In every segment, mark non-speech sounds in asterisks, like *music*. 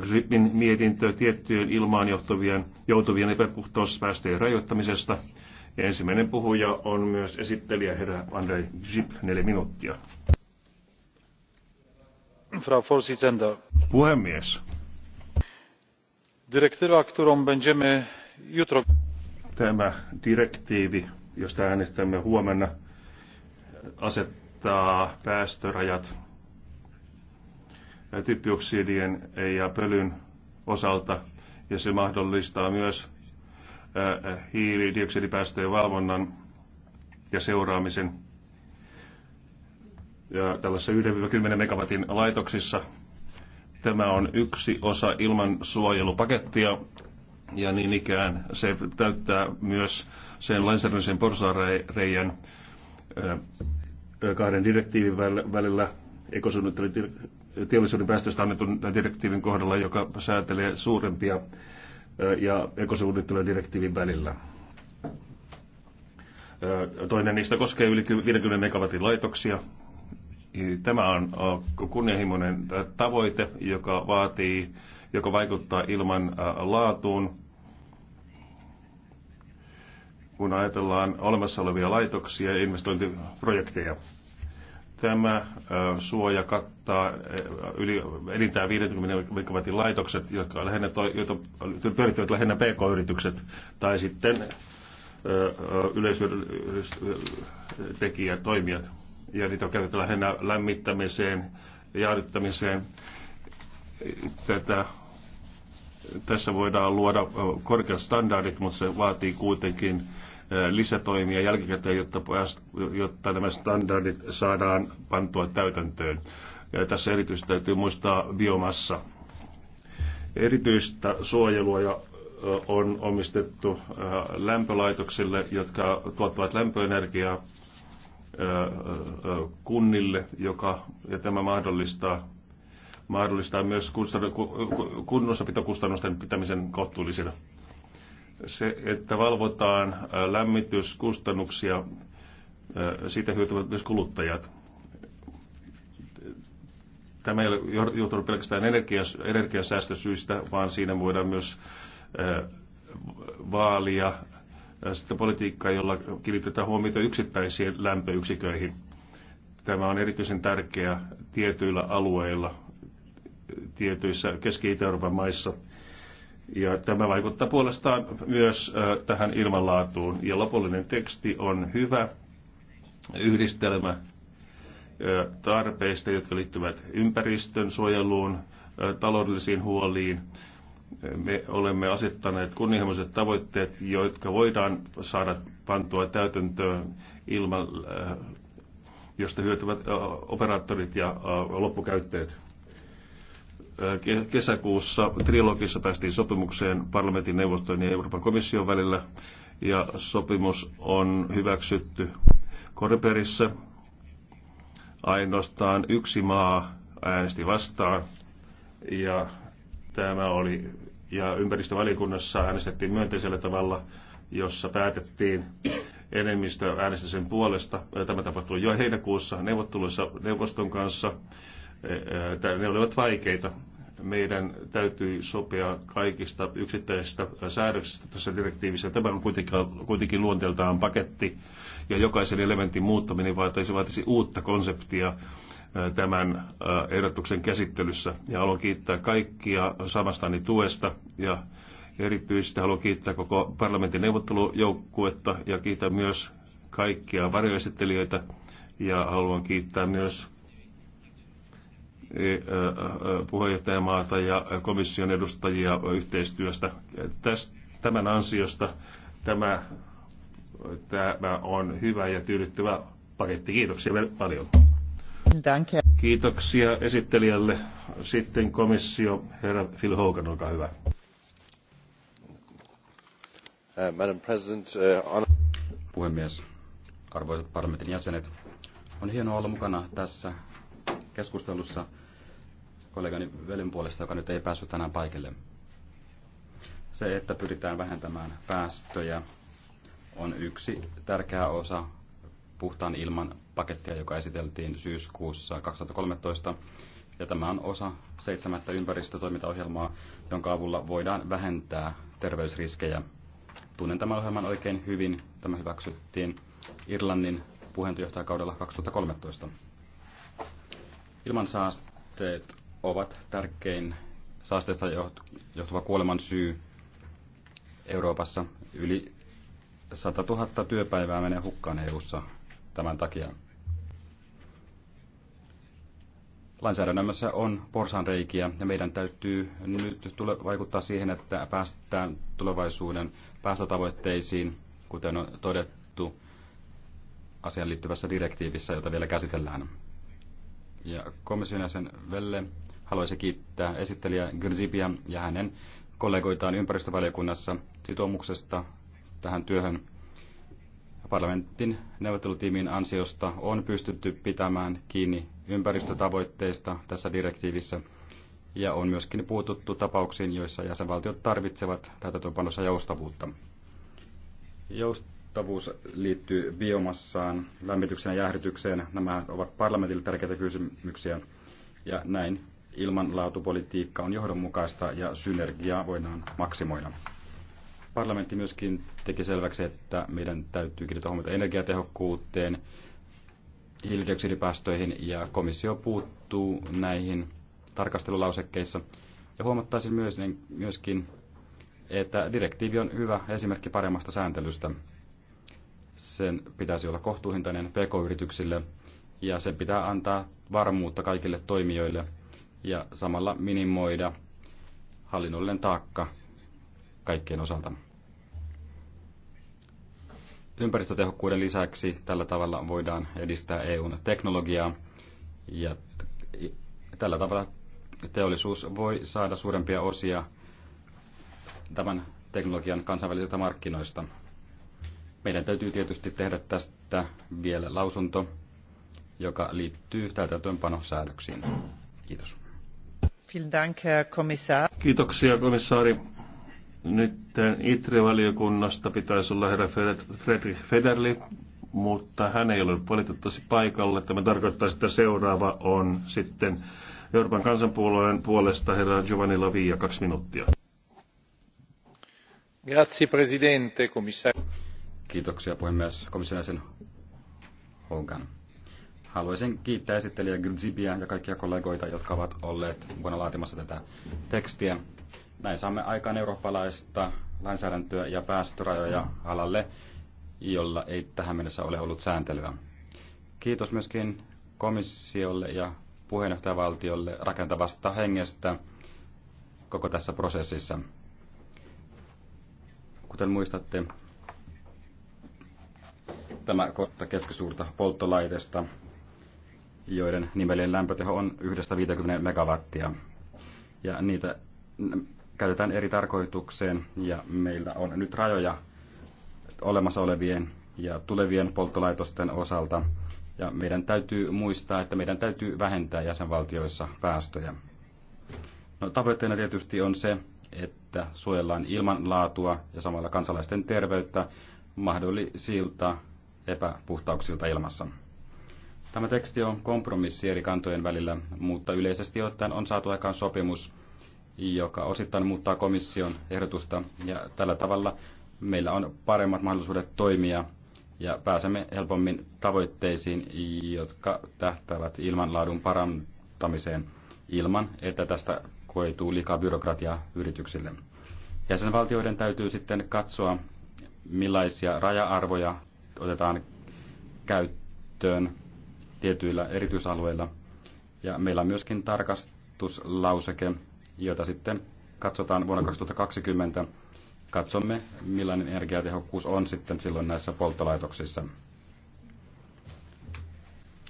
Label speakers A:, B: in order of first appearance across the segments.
A: Grippin mietintö tiettyjen ilmaan johtuvien, joutuvien epäpuhtauspäästöjen rajoittamisesta. Ja ensimmäinen puhuja on myös esittelijä herra Andrei Grip, neljä minuuttia. Frau Vorsitzende. Puhemies. Direktiiva, będziemy jutro... Tämä direktiivi, josta äänestämme huomenna, asettaa päästörajat typpioksidien ja pölyn osalta, ja se mahdollistaa myös hiilidioksidipäästöjen valvonnan ja seuraamisen ja tällaisissa 1-10 megawatin laitoksissa. Tämä on yksi osa ilmansuojelupakettia ja niin ikään se täyttää myös sen lainsäädännöllisen porsareijan kahden direktiivin välillä, ekosuunnitteludirektiivin teollisuuden päästöistä annetun direktiivin kohdalla, joka säätelee suurempia ja direktiivin välillä. Toinen niistä koskee yli 50 megawatin laitoksia. Tämä on kunnianhimoinen tavoite, joka vaatii, joka vaikuttaa ilman laatuun. Kun ajatellaan olemassa olevia laitoksia ja investointiprojekteja Tämä suoja kattaa yli, enintään 50 megawatin laitokset, jotka lähinnä, joita pyörittävät lähinnä pk-yritykset tai sitten yleisötekijät, toimijat. Ja niitä on käytetty lähinnä lämmittämiseen, jäädyttämiseen. Tätä tässä voidaan luoda korkeat standardit, mutta se vaatii kuitenkin lisätoimia jälkikäteen, jotta, jotta nämä standardit saadaan pantua täytäntöön. Ja tässä erityisesti täytyy muistaa biomassa. Erityistä suojelua ja on omistettu lämpölaitoksille, jotka tuottavat lämpöenergiaa kunnille, joka, ja tämä mahdollistaa, mahdollistaa myös kunnossapitokustannusten pitämisen kohtuullisina. Se, että valvotaan äh, lämmityskustannuksia, äh, siitä hyötyvät myös kuluttajat. Tämä ei ole johtunut pelkästään energias, energiasäästösyistä, vaan siinä voidaan myös äh, vaalia sitten politiikkaa, jolla kiinnitetään huomiota yksittäisiin lämpöyksiköihin. Tämä on erityisen tärkeää tietyillä alueilla, tietyissä Keski-Itä-Euroopan maissa – ja tämä vaikuttaa puolestaan myös tähän ilmanlaatuun. Ja lopullinen teksti on hyvä yhdistelmä tarpeista, jotka liittyvät ympäristön suojeluun, taloudellisiin huoliin. Me olemme asettaneet kunnianhimoiset tavoitteet, jotka voidaan saada pantua täytäntöön ilman, josta hyötyvät operaattorit ja loppukäyttäjät kesäkuussa trilogissa päästiin sopimukseen parlamentin neuvoston ja Euroopan komission välillä ja sopimus on hyväksytty Koreperissä. Ainoastaan yksi maa äänesti vastaan ja tämä oli ja ympäristövaliokunnassa äänestettiin myönteisellä tavalla, jossa päätettiin enemmistö äänestä sen puolesta. Tämä tapahtui jo heinäkuussa neuvotteluissa neuvoston kanssa ne olivat vaikeita. Meidän täytyy sopia kaikista yksittäisistä säädöksistä tässä direktiivissä. Tämä on kuitenkin, kuitenkin luonteeltaan paketti, ja jokaisen elementin muuttaminen vaatisi, vaatisi uutta konseptia tämän ehdotuksen käsittelyssä. Ja haluan kiittää kaikkia samastani tuesta ja erityisesti haluan kiittää koko parlamentin neuvottelujoukkuetta ja kiitän myös kaikkia varjoesittelijöitä ja haluan kiittää myös puheenjohtajamaata ja komission edustajia yhteistyöstä. Tämän ansiosta tämä, tämä on hyvä ja tyydyttävä paketti. Kiitoksia paljon. Danke. Kiitoksia esittelijälle. Sitten komissio, herra Phil Hogan, olkaa hyvä. Uh, Madam President,
B: uh, on... Puhemies, arvoisat parlamentin jäsenet, on hienoa olla mukana tässä keskustelussa kollegani velin puolesta, joka nyt ei päässyt tänään paikalle. Se, että pyritään vähentämään päästöjä, on yksi tärkeä osa puhtaan ilman pakettia, joka esiteltiin syyskuussa 2013. Ja tämä on osa seitsemättä ympäristötoimintaohjelmaa, jonka avulla voidaan vähentää terveysriskejä. Tunnen tämän ohjelman oikein hyvin. Tämä hyväksyttiin Irlannin puheenjohtajakaudella 2013. Ilmansaasteet ovat tärkein saasteista johtuva kuoleman syy Euroopassa. Yli 100 000 työpäivää menee hukkaan EU:ssa tämän takia. Lainsäädännössä on porsanreikiä ja meidän täytyy nyt tule- vaikuttaa siihen, että päästään tulevaisuuden päästötavoitteisiin, kuten on todettu asiaan liittyvässä direktiivissä, jota vielä käsitellään. Ja komission jäsen Velle haluaisin kiittää esittelijä Grzibia ja hänen kollegoitaan ympäristövaliokunnassa sitoumuksesta tähän työhön. Parlamentin neuvottelutiimin ansiosta on pystytty pitämään kiinni ympäristötavoitteista tässä direktiivissä ja on myöskin puututtu tapauksiin, joissa jäsenvaltiot tarvitsevat tätä täytäntöönpanossa joustavuutta. Joustavuus liittyy biomassaan, lämmitykseen ja jäähdytykseen. Nämä ovat parlamentille tärkeitä kysymyksiä ja näin ilmanlaatupolitiikka on johdonmukaista ja synergiaa voidaan maksimoida. Parlamentti myöskin teki selväksi, että meidän täytyy kiinnittää huomiota energiatehokkuuteen, hiilidioksidipäästöihin ja komissio puuttuu näihin tarkastelulausekkeissa. Ja huomattaisin myöskin, että direktiivi on hyvä esimerkki paremmasta sääntelystä. Sen pitäisi olla kohtuuhintainen pk-yrityksille ja sen pitää antaa varmuutta kaikille toimijoille – ja samalla minimoida hallinnollinen taakka kaikkien osalta. Ympäristötehokkuuden lisäksi tällä tavalla voidaan edistää EUn teknologiaa ja tällä tavalla teollisuus voi saada suurempia osia tämän teknologian kansainvälisistä markkinoista. Meidän täytyy tietysti tehdä tästä vielä lausunto, joka liittyy
A: täytäntöönpanosäädöksiin. Kiitos. Kiitoksia komissaari. Nyt eh, ITRE-valiokunnasta pitäisi olla herra Fredrik Federli, mutta hän ei ole valitettavasti paikalla. Tämä tarkoittaa, että seuraava on sitten Euroopan kansanpuolueen puolesta herra Giovanni Lavia, kaksi minuuttia. Grazie, presidente,
B: Kiitoksia puhemies komission jäsen Hogan. Haluaisin kiittää esittelijä Grzibia ja kaikkia kollegoita, jotka ovat olleet mukana laatimassa tätä tekstiä. Näin saamme aikaan eurooppalaista lainsäädäntöä ja päästörajoja alalle, jolla ei tähän mennessä ole ollut sääntelyä. Kiitos myöskin komissiolle ja puheenjohtajavaltiolle rakentavasta hengestä koko tässä prosessissa. Kuten muistatte, tämä kohta keskisuurta polttolaitesta joiden nimellinen lämpöteho on 1-50 megawattia. Ja niitä käytetään eri tarkoitukseen ja meillä on nyt rajoja olemassa olevien ja tulevien polttolaitosten osalta. Ja meidän täytyy muistaa, että meidän täytyy vähentää jäsenvaltioissa päästöjä. No, tavoitteena tietysti on se, että suojellaan ilmanlaatua ja samalla kansalaisten terveyttä mahdollisilta epäpuhtauksilta ilmassa. Tämä teksti on kompromissi eri kantojen välillä, mutta yleisesti ottaen on saatu aikaan sopimus, joka osittain muuttaa komission ehdotusta. Ja tällä tavalla meillä on paremmat mahdollisuudet toimia ja pääsemme helpommin tavoitteisiin, jotka tähtävät ilmanlaadun parantamiseen ilman, että tästä koituu liikaa byrokratiaa yrityksille. Jäsenvaltioiden täytyy sitten katsoa, millaisia raja-arvoja otetaan käyttöön tietyillä erityisalueilla. Ja meillä on myöskin tarkastuslauseke, jota sitten katsotaan vuonna 2020. Katsomme, millainen energiatehokkuus on sitten silloin näissä polttolaitoksissa.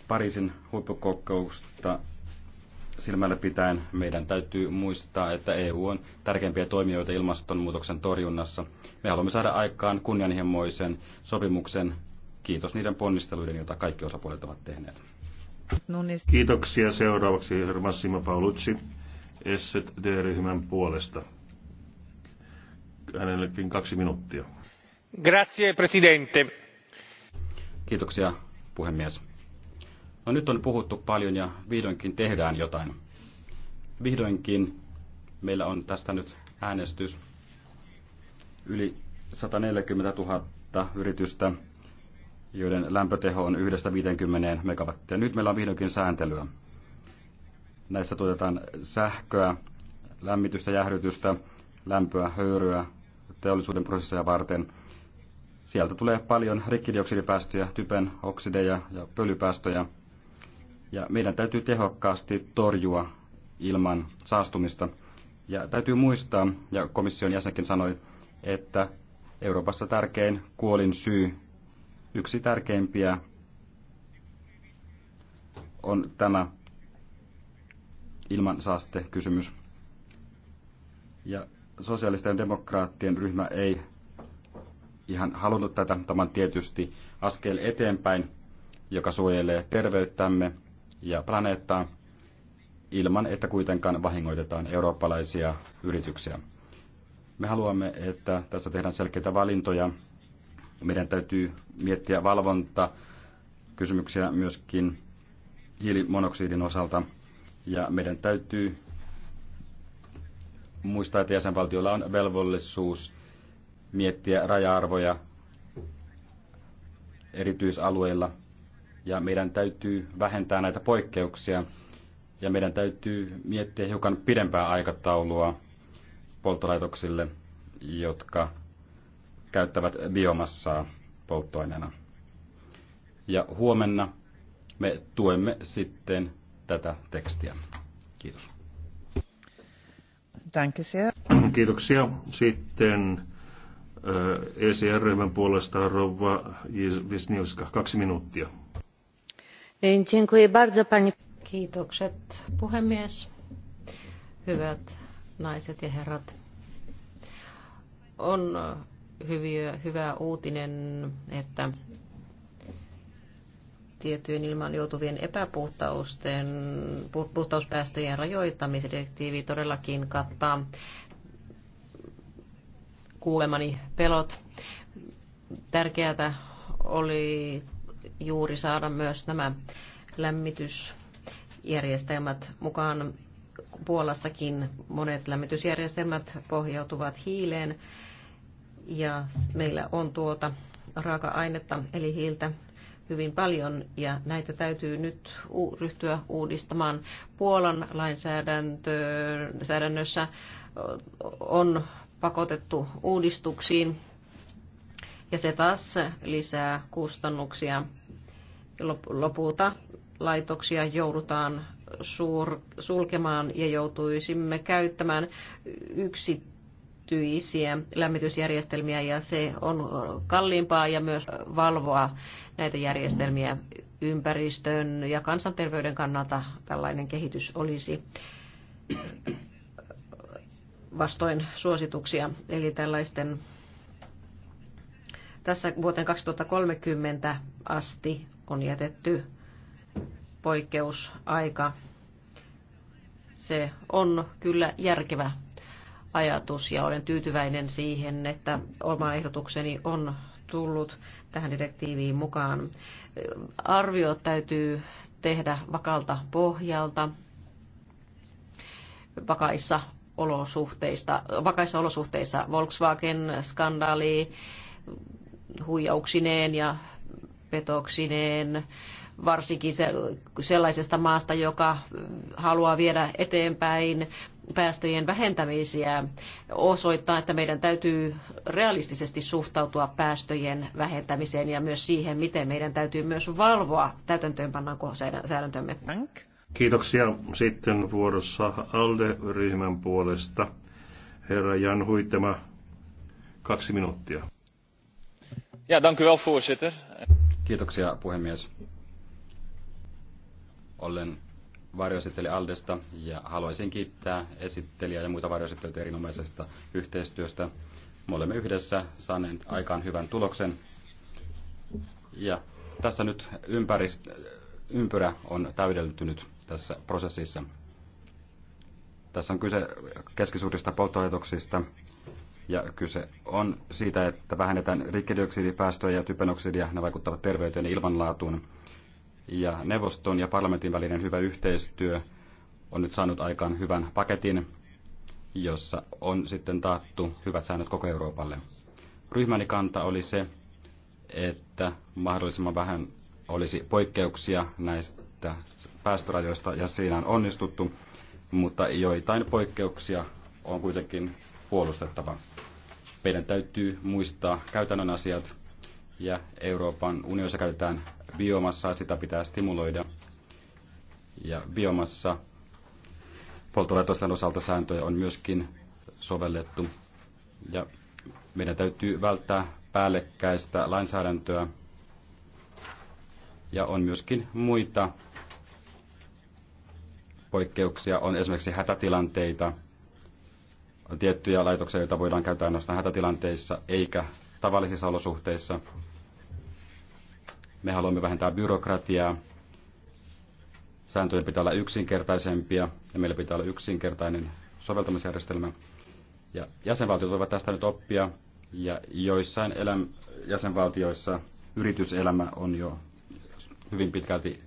B: Pariisin huippukokousta silmällä pitäen meidän täytyy muistaa, että EU on tärkeimpiä toimijoita ilmastonmuutoksen torjunnassa. Me haluamme saada aikaan kunnianhimoisen sopimuksen kiitos niiden ponnisteluiden, joita kaikki osapuolet ovat tehneet. No
A: niin. Kiitoksia. Seuraavaksi Massimo Paulucci, d ryhmän puolesta. Hänellekin kaksi minuuttia.
B: Grazie, presidente. Kiitoksia, puhemies. No nyt on puhuttu paljon ja vihdoinkin tehdään jotain. Vihdoinkin meillä on tästä nyt äänestys. Yli 140 000 yritystä joiden lämpöteho on 1-50 megawattia. Nyt meillä on vihdoinkin sääntelyä. Näissä tuotetaan sähköä, lämmitystä, jäähdytystä, lämpöä, höyryä teollisuuden prosesseja varten. Sieltä tulee paljon rikkidioksidipäästöjä, typen oksideja ja pölypäästöjä. Ja meidän täytyy tehokkaasti torjua ilman saastumista. Ja täytyy muistaa, ja komission jäsenkin sanoi, että Euroopassa tärkein kuolin syy Yksi tärkeimpiä on tämä kysymys Ja sosiaalisten demokraattien ryhmä ei ihan halunnut tätä. Tämä on tietysti askel eteenpäin, joka suojelee terveyttämme ja planeettaa ilman, että kuitenkaan vahingoitetaan eurooppalaisia yrityksiä. Me haluamme, että tässä tehdään selkeitä valintoja meidän täytyy miettiä valvonta kysymyksiä myöskin hiilimonoksidin osalta. Ja meidän täytyy muistaa, että jäsenvaltioilla on velvollisuus miettiä raja-arvoja erityisalueilla. Ja meidän täytyy vähentää näitä poikkeuksia. Ja meidän täytyy miettiä hiukan pidempää aikataulua polttolaitoksille, jotka käyttävät biomassaa polttoaineena. Ja huomenna me tuemme sitten
A: tätä tekstiä. Kiitos. Kiitoksia. Kiitoksia. Sitten ECR-ryhmän puolesta Rova Wisniewska, kaksi minuuttia.
C: E, Kiitokset puhemies. Hyvät naiset ja herrat. On hyviä, hyvä uutinen, että tiettyjen ilman joutuvien epäpuhtausten, puhtauspäästöjen rajoittamisdirektiivi todellakin kattaa kuulemani pelot. Tärkeää oli juuri saada myös nämä lämmitysjärjestelmät mukaan. Puolassakin monet lämmitysjärjestelmät pohjautuvat hiileen ja meillä on tuota raaka-ainetta eli hiiltä hyvin paljon ja näitä täytyy nyt ryhtyä uudistamaan. Puolan lainsäädännössä on pakotettu uudistuksiin ja se taas lisää kustannuksia. Lopulta laitoksia joudutaan sulkemaan ja joutuisimme käyttämään yksittäisiä sähkötyisiä lämmitysjärjestelmiä ja se on kalliimpaa ja myös valvoa näitä järjestelmiä ympäristön ja kansanterveyden kannalta tällainen kehitys olisi vastoin suosituksia. Eli tällaisten tässä vuoteen 2030 asti on jätetty poikkeusaika. Se on kyllä järkevä ajatus ja olen tyytyväinen siihen, että oma ehdotukseni on tullut tähän direktiiviin mukaan. Arvio täytyy tehdä vakalta pohjalta, vakaissa olosuhteista, vakaissa olosuhteissa Volkswagen-skandaali huijauksineen ja petoksineen, varsinkin sellaisesta maasta, joka haluaa viedä eteenpäin päästöjen vähentämisiä osoittaa, että meidän täytyy realistisesti suhtautua päästöjen vähentämiseen ja myös siihen, miten meidän täytyy myös valvoa täytäntöönpannaanko säädäntömme.
A: Kiitoksia. Sitten vuorossa ALDE-ryhmän puolesta herra Jan Huitema, kaksi minuuttia.
B: Ja, dank u wel, voorzitter.
A: Kiitoksia, puhemies.
B: Olen varjoesitteli Aldesta ja haluaisin kiittää esittelijää ja muita varjoesittelijöitä erinomaisesta yhteistyöstä. Me olemme yhdessä saaneet aikaan hyvän tuloksen. Ja tässä nyt ympärist, ympyrä on täydellytynyt tässä prosessissa. Tässä on kyse keskisuurista polttoaitoksista ja kyse on siitä, että vähennetään rikkidioksidipäästöjä ja typenoksidia. Ne vaikuttavat terveyteen ja ilmanlaatuun ja neuvoston ja parlamentin välinen hyvä yhteistyö on nyt saanut aikaan hyvän paketin, jossa on sitten taattu hyvät säännöt koko Euroopalle. Ryhmäni kanta oli se, että mahdollisimman vähän olisi poikkeuksia näistä päästörajoista ja siinä on onnistuttu, mutta joitain poikkeuksia on kuitenkin puolustettava. Meidän täytyy muistaa käytännön asiat ja Euroopan unionissa käytetään biomassaa, sitä pitää stimuloida. Ja biomassa polttolaitosten osalta sääntöjä on myöskin sovellettu. Ja meidän täytyy välttää päällekkäistä lainsäädäntöä. Ja on myöskin muita poikkeuksia. On esimerkiksi hätätilanteita. On tiettyjä laitoksia, joita voidaan käyttää ainoastaan hätätilanteissa eikä tavallisissa olosuhteissa. Me haluamme vähentää byrokratiaa. Sääntöjen pitää olla yksinkertaisempia ja meillä pitää olla yksinkertainen soveltamisjärjestelmä. Ja jäsenvaltiot voivat tästä nyt oppia ja joissain eläm- jäsenvaltioissa yrityselämä on jo hyvin pitkälti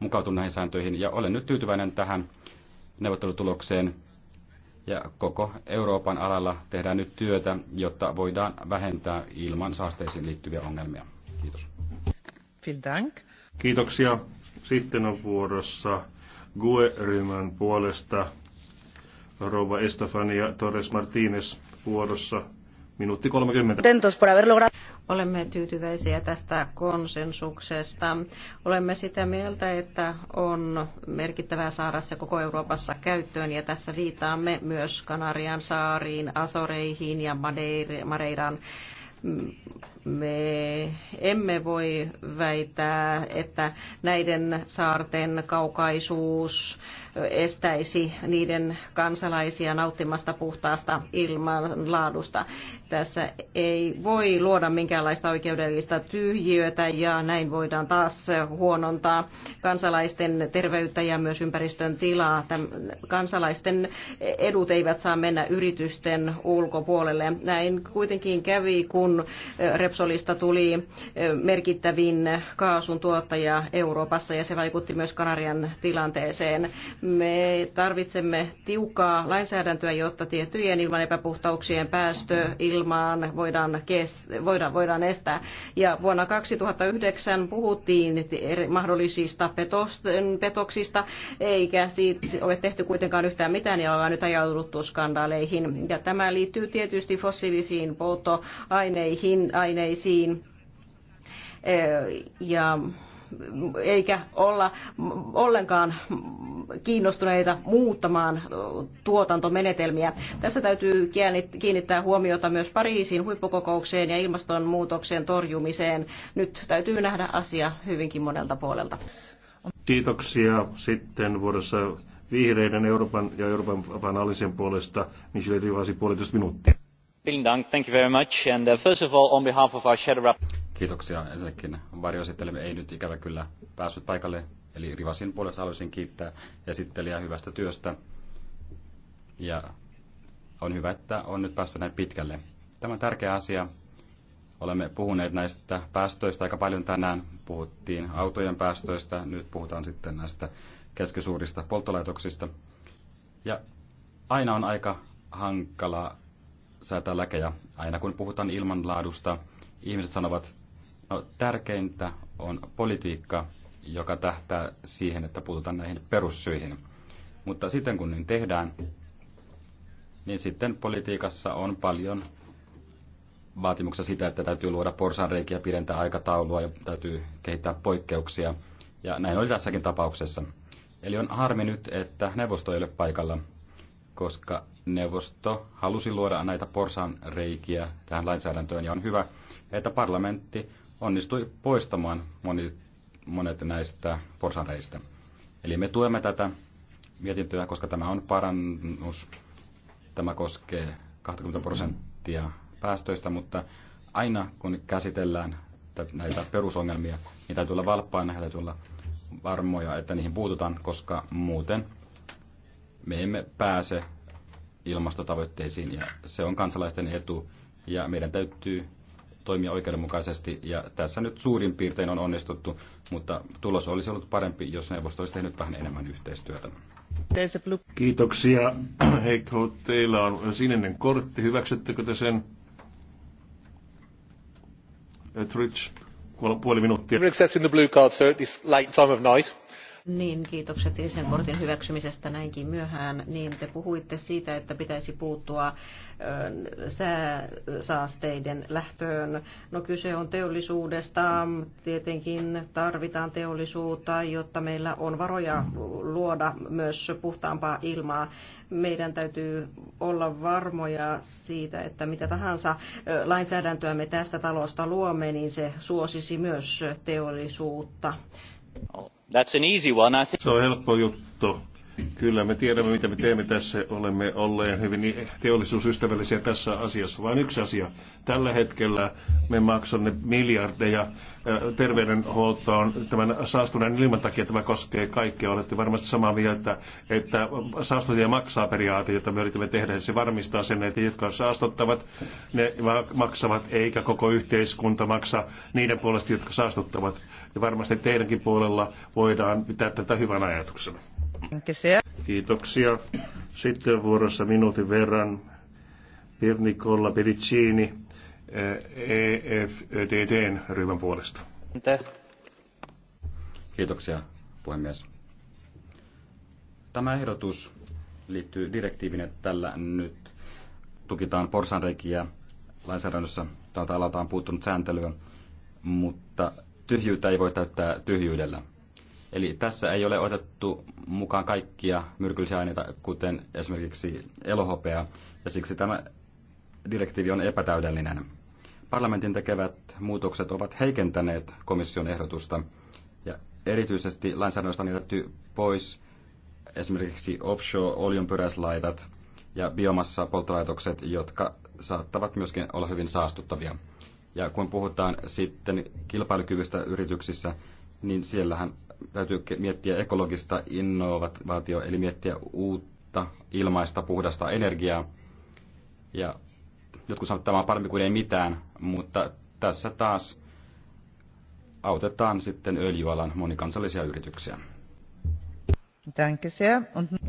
B: mukautunut näihin sääntöihin ja olen nyt tyytyväinen tähän neuvottelutulokseen. Ja koko Euroopan alalla tehdään nyt työtä, jotta voidaan vähentää ilman saasteisiin liittyviä ongelmia. Kiitos.
A: Kiitoksia. Sitten on vuorossa GUE-ryhmän puolesta rouva Estefania Torres Martínez vuorossa minuutti 30.
C: Olemme tyytyväisiä tästä konsensuksesta. Olemme sitä mieltä, että on merkittävää saada se koko Euroopassa käyttöön ja tässä viitaamme myös Kanarian saariin, Asoreihin ja Madeiran me emme voi väittää, että näiden saarten kaukaisuus estäisi niiden kansalaisia nauttimasta puhtaasta ilmanlaadusta. Tässä ei voi luoda minkäänlaista oikeudellista tyhjiötä ja näin voidaan taas huonontaa kansalaisten terveyttä ja myös ympäristön tilaa. Kansalaisten edut eivät saa mennä yritysten ulkopuolelle. Näin kuitenkin kävi, kun Repsolista tuli eh, merkittävin kaasun tuottaja Euroopassa ja se vaikutti myös Kanarian tilanteeseen. Me tarvitsemme tiukkaa lainsäädäntöä, jotta tiettyjen ilman epäpuhtauksien päästö ilmaan voidaan, kes, voidaan, voidaan estää. Ja vuonna 2009 puhuttiin mahdollisista petoksista, eikä siitä ole tehty kuitenkaan yhtään mitään ja ollaan nyt ajauduttu skandaaleihin. Ja tämä liittyy tietysti fossiilisiin polttoaineisiin. aine, välineisiin ja eikä olla ollenkaan kiinnostuneita muuttamaan tuotantomenetelmiä. Tässä täytyy kiinnittää huomiota myös Pariisin huippukokoukseen ja ilmastonmuutoksen torjumiseen. Nyt täytyy nähdä asia hyvinkin monelta puolelta.
A: Kiitoksia. Sitten vuorossa vihreiden Euroopan ja Euroopan vanhallisen puolesta Michelle Rivasi puolitoista minuuttia. Uh, Kiitoksia
B: ensinnäkin varjoesittelemme ei nyt ikävä kyllä päässyt paikalle, eli Rivasin puolesta haluaisin kiittää esittelijää hyvästä työstä. Ja on hyvä, että on nyt päästy näin pitkälle. Tämä on tärkeä asia. Olemme puhuneet näistä päästöistä aika paljon tänään. Puhuttiin autojen päästöistä, nyt puhutaan sitten näistä keskisuurista polttolaitoksista. Ja aina on aika hankala säätää läkejä. Aina kun puhutaan ilmanlaadusta, ihmiset sanovat, no tärkeintä on politiikka, joka tähtää siihen, että puututaan näihin perussyihin. Mutta sitten kun niin tehdään, niin sitten politiikassa on paljon vaatimuksia sitä, että täytyy luoda porsanreikiä, pidentää aikataulua ja täytyy kehittää poikkeuksia. Ja näin oli tässäkin tapauksessa. Eli on harmi nyt, että neuvosto ei ole paikalla, koska neuvosto halusi luoda näitä porsan reikiä tähän lainsäädäntöön ja on hyvä, että parlamentti onnistui poistamaan moni, monet näistä porsanreistä. Eli me tuemme tätä mietintöä, koska tämä on parannus. Tämä koskee 20 prosenttia päästöistä, mutta aina kun käsitellään näitä perusongelmia, niin täytyy olla valppaana, täytyy olla varmoja, että niihin puututaan, koska muuten – me emme pääse ilmastotavoitteisiin ja se on kansalaisten etu ja meidän täytyy toimia oikeudenmukaisesti ja tässä nyt suurin piirtein on onnistuttu, mutta tulos olisi ollut parempi, jos neuvosto olisi tehnyt vähän enemmän
A: yhteistyötä. Kiitoksia. *clears throat* Heikko, teillä on sininen kortti. Hyväksyttekö te sen? Etrich, puoli minuuttia. Accepting the blue card, sir, at this late time of night.
C: Niin, kiitokset sinisen kortin hyväksymisestä näinkin myöhään. Niin te puhuitte siitä, että pitäisi puuttua sääsaasteiden lähtöön. No kyse on teollisuudesta. Tietenkin tarvitaan teollisuutta, jotta meillä on varoja luoda myös puhtaampaa ilmaa. Meidän täytyy olla varmoja siitä, että mitä tahansa lainsäädäntöä me tästä talosta luomme, niin se suosisi myös teollisuutta.
A: Oh. That's an easy one, I think. Se on helppo juttu. Kyllä me tiedämme, mitä me teemme tässä. Olemme olleet hyvin teollisuusystävällisiä tässä asiassa. Vain yksi asia. Tällä hetkellä me maksamme miljardeja äh, terveydenhuoltoon tämän saastuneen ilman takia. Tämä koskee kaikkea. Olette varmasti samaa mieltä, että saastuttaja maksaa periaate, jota me yritämme tehdä. Se varmistaa sen, että jotka saastuttavat, ne maksavat, eikä koko yhteiskunta maksa niiden puolesta, jotka saastuttavat. Ja varmasti teidänkin puolella voidaan pitää tätä hyvän ajatuksena. Kiitoksia. Sitten vuorossa minuutin verran Pirnikolla Pedicini EFDDn eh, e ryhmän puolesta. Kiitoksia, puhemies.
B: Tämä ehdotus liittyy direktiivin, että tällä nyt tukitaan porsanreikiä lainsäädännössä. Tältä alalta on puuttunut sääntelyä, mutta tyhjyyttä ei voi täyttää tyhjyydellä. Eli tässä ei ole otettu mukaan kaikkia myrkyllisiä aineita, kuten esimerkiksi elohopea, ja siksi tämä direktiivi on epätäydellinen. Parlamentin tekevät muutokset ovat heikentäneet komission ehdotusta, ja erityisesti lainsäädännöstä on jätetty pois esimerkiksi offshore-oljunpyräislaitat ja biomassa polttolaitokset, jotka saattavat myöskin olla hyvin saastuttavia. Ja kun puhutaan sitten kilpailukyvystä yrityksissä, niin siellähän täytyy miettiä ekologista innovaatio, eli miettiä uutta ilmaista puhdasta energiaa. Ja jotkut sanovat, että tämä on parempi kuin ei mitään, mutta tässä taas autetaan sitten öljyalan monikansallisia yrityksiä.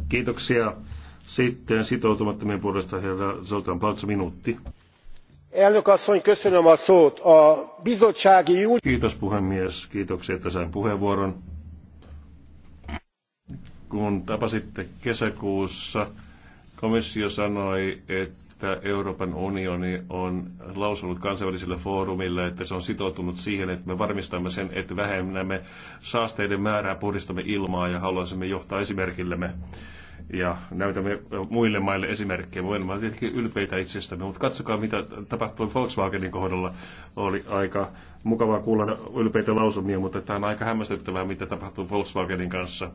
A: Kiitoksia. Sitten sitoutumattomien puolesta herra Zoltan Paltsa, minuutti. Kiitos puhemies, kiitoksia, että sain puheenvuoron kun tapasitte kesäkuussa, komissio sanoi, että Euroopan unioni on lausunut kansainvälisille foorumille, että se on sitoutunut siihen, että me varmistamme sen, että vähennämme saasteiden määrää, puhdistamme ilmaa ja haluaisimme johtaa esimerkillemme ja näytämme muille maille esimerkkejä. Me olemme tietenkin ylpeitä itsestämme, mutta katsokaa mitä tapahtui Volkswagenin kohdalla. Oli aika mukavaa kuulla ylpeitä lausumia, mutta tämä on aika hämmästyttävää, mitä tapahtui Volkswagenin kanssa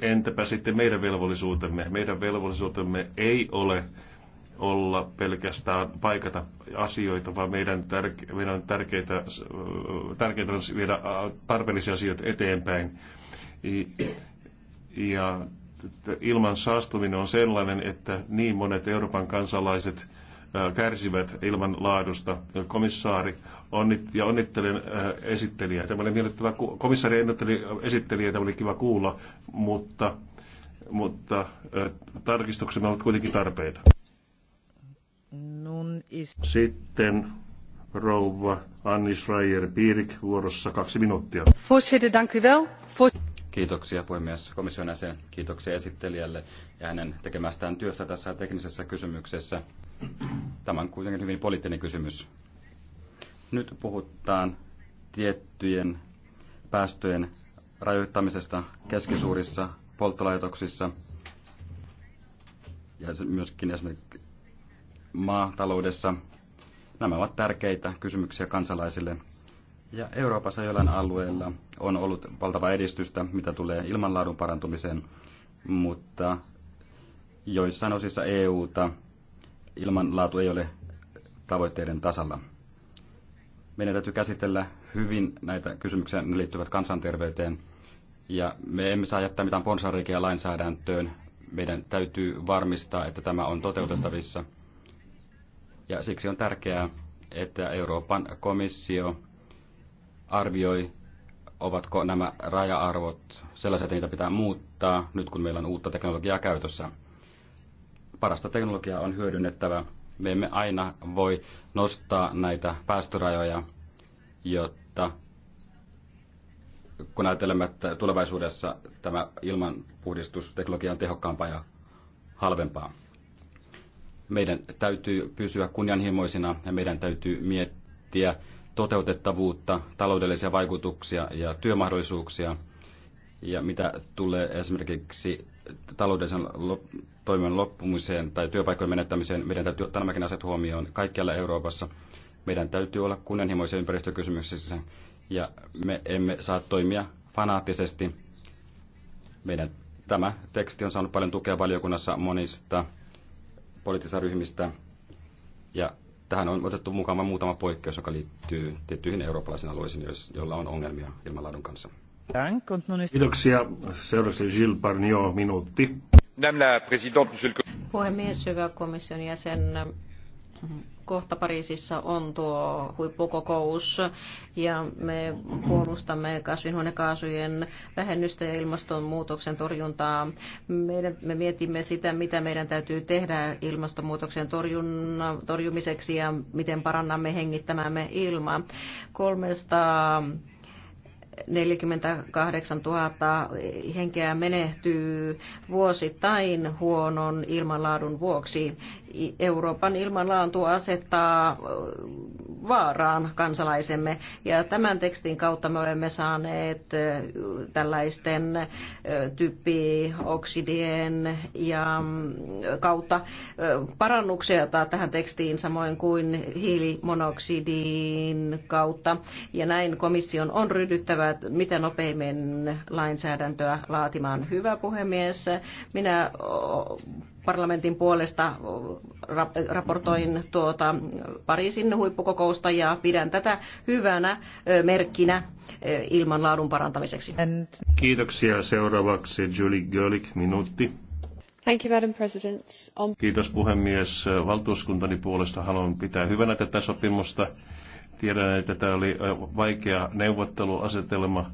A: entäpä sitten meidän velvollisuutemme? Meidän velvollisuutemme ei ole olla pelkästään paikata asioita, vaan meidän, tärke, meidän on tärkeitä, tärkeitä on viedä tarpeellisia asioita eteenpäin. Ja ilman saastuminen on sellainen, että niin monet Euroopan kansalaiset kärsivät ilman laadusta. Komissaari onnit, ja onnittelen äh, esittelijää. Tämä oli miellyttävä, komissaari ennotteli äh, esittelijää, tämä oli kiva kuulla, mutta, mutta äh, tarkistuksemme ovat kuitenkin tarpeita. Sitten rouva Anni Schreier-Piirik vuorossa kaksi minuuttia. Kiitoksia puhemies komission
B: jäsen. Kiitoksia esittelijälle ja hänen tekemästään työstä tässä teknisessä kysymyksessä. Tämä on kuitenkin hyvin poliittinen kysymys nyt puhutaan tiettyjen päästöjen rajoittamisesta keskisuurissa polttolaitoksissa ja myöskin esimerkiksi maataloudessa. Nämä ovat tärkeitä kysymyksiä kansalaisille. Ja Euroopassa jollain alueella on ollut valtava edistystä, mitä tulee ilmanlaadun parantumiseen, mutta joissain osissa EUta ilmanlaatu ei ole tavoitteiden tasalla meidän täytyy käsitellä hyvin näitä kysymyksiä, ne liittyvät kansanterveyteen. Ja me emme saa jättää mitään ponsareikiä lainsäädäntöön. Meidän täytyy varmistaa, että tämä on toteutettavissa. Ja siksi on tärkeää, että Euroopan komissio arvioi, ovatko nämä raja-arvot sellaiset, että niitä pitää muuttaa nyt, kun meillä on uutta teknologiaa käytössä. Parasta teknologiaa on hyödynnettävä me emme aina voi nostaa näitä päästörajoja, jotta kun ajatelemme, että tulevaisuudessa tämä ilmanpuhdistusteknologia on tehokkaampaa ja halvempaa. Meidän täytyy pysyä kunnianhimoisina ja meidän täytyy miettiä toteutettavuutta, taloudellisia vaikutuksia ja työmahdollisuuksia. Ja mitä tulee esimerkiksi taloudellisen toiminnan loppumiseen tai työpaikkojen menettämiseen, meidän täytyy ottaa nämäkin asiat huomioon kaikkialla Euroopassa. Meidän täytyy olla kunnianhimoisia ympäristökysymyksissä ja me emme saa toimia fanaattisesti. Meidän, tämä teksti on saanut paljon tukea valiokunnassa monista poliittisista ryhmistä ja tähän on otettu mukaan muutama poikkeus, joka liittyy tiettyihin eurooppalaisiin alueisiin,
A: joilla on ongelmia ilmanlaadun kanssa. Kiitoksia. Seuraavaksi Gilles Parnio, minuutti.
C: Puhemies, hyvä komission jäsen kohta Pariisissa on tuo huippukokous ja me puolustamme kasvihuonekaasujen vähennystä ja ilmastonmuutoksen torjuntaa. Meidän, me mietimme sitä, mitä meidän täytyy tehdä ilmastonmuutoksen torjumiseksi ja miten parannamme hengittämämme ilmaa. Kolmesta 48 000 henkeä menehtyy vuosittain huonon ilmanlaadun vuoksi. Euroopan ilmanlaatu asettaa vaaraan kansalaisemme ja tämän tekstin kautta me olemme saaneet tällaisten typioksidien ja mm, kautta parannuksia tähän tekstiin samoin kuin hiilimonoksidin kautta ja näin komission on ryhdyttävä pystyvät mitä nopeimmin lainsäädäntöä laatimaan. Hyvä puhemies, minä parlamentin puolesta raportoin tuota Pariisin huippukokousta ja pidän tätä hyvänä merkkinä ilman laadun parantamiseksi.
A: Kiitoksia. Seuraavaksi Julie Görlich, minuutti.
C: Thank you, Madam President. On...
A: Kiitos puhemies. Valtuuskuntani puolesta haluan pitää hyvänä tätä sopimusta Tiedän, että tämä oli vaikea neuvotteluasetelma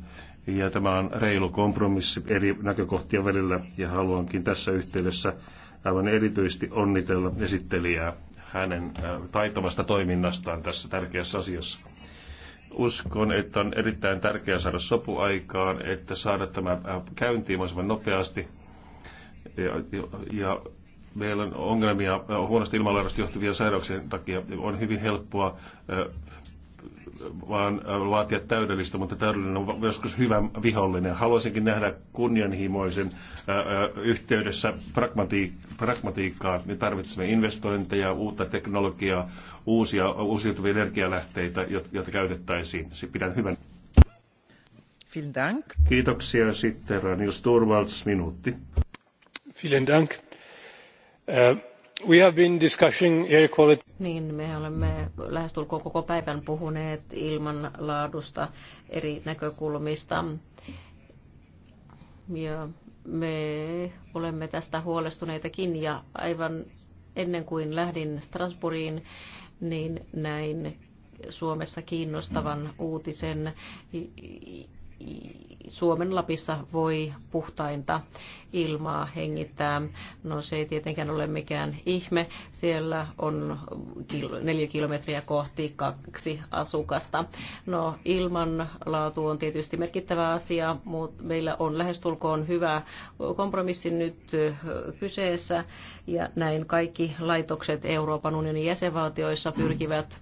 A: ja tämä on reilu kompromissi eri näkökohtien välillä ja haluankin tässä yhteydessä aivan erityisesti onnitella esittelijää hänen taitavasta toiminnastaan tässä tärkeässä asiassa. Uskon, että on erittäin tärkeää saada sopu aikaan, että saada tämä käyntiin mahdollisimman nopeasti. Ja, ja meillä on ongelmia huonosti ilmanlaadusta johtuvia sairauksien takia. On hyvin helppoa vaan vaatia äh, täydellistä, mutta täydellinen on joskus hyvä vihollinen. Haluaisinkin nähdä kunnianhimoisen äh, äh, yhteydessä pragmatiik- pragmatiikkaa. Me tarvitsemme investointeja, uutta teknologiaa, uusia uusiutuvia energialähteitä, joita käytettäisiin. Se pidän hyvän. Vielen Dank. Kiitoksia sitten, Ranius Turvalds, minuutti. Vielen
C: Dank. Äh, niin, me olemme lähestulkoon koko päivän puhuneet ilmanlaadusta eri näkökulmista. Ja me olemme tästä huolestuneitakin ja aivan ennen kuin lähdin Strasbourgiin, niin näin Suomessa kiinnostavan uutisen Suomen Lapissa voi puhtainta ilmaa hengittää. No se ei tietenkään ole mikään ihme. Siellä on neljä kilometriä kohti kaksi asukasta. No ilmanlaatu on tietysti merkittävä asia, mutta meillä on lähestulkoon hyvä kompromissi nyt kyseessä. Ja näin kaikki laitokset Euroopan unionin jäsenvaltioissa pyrkivät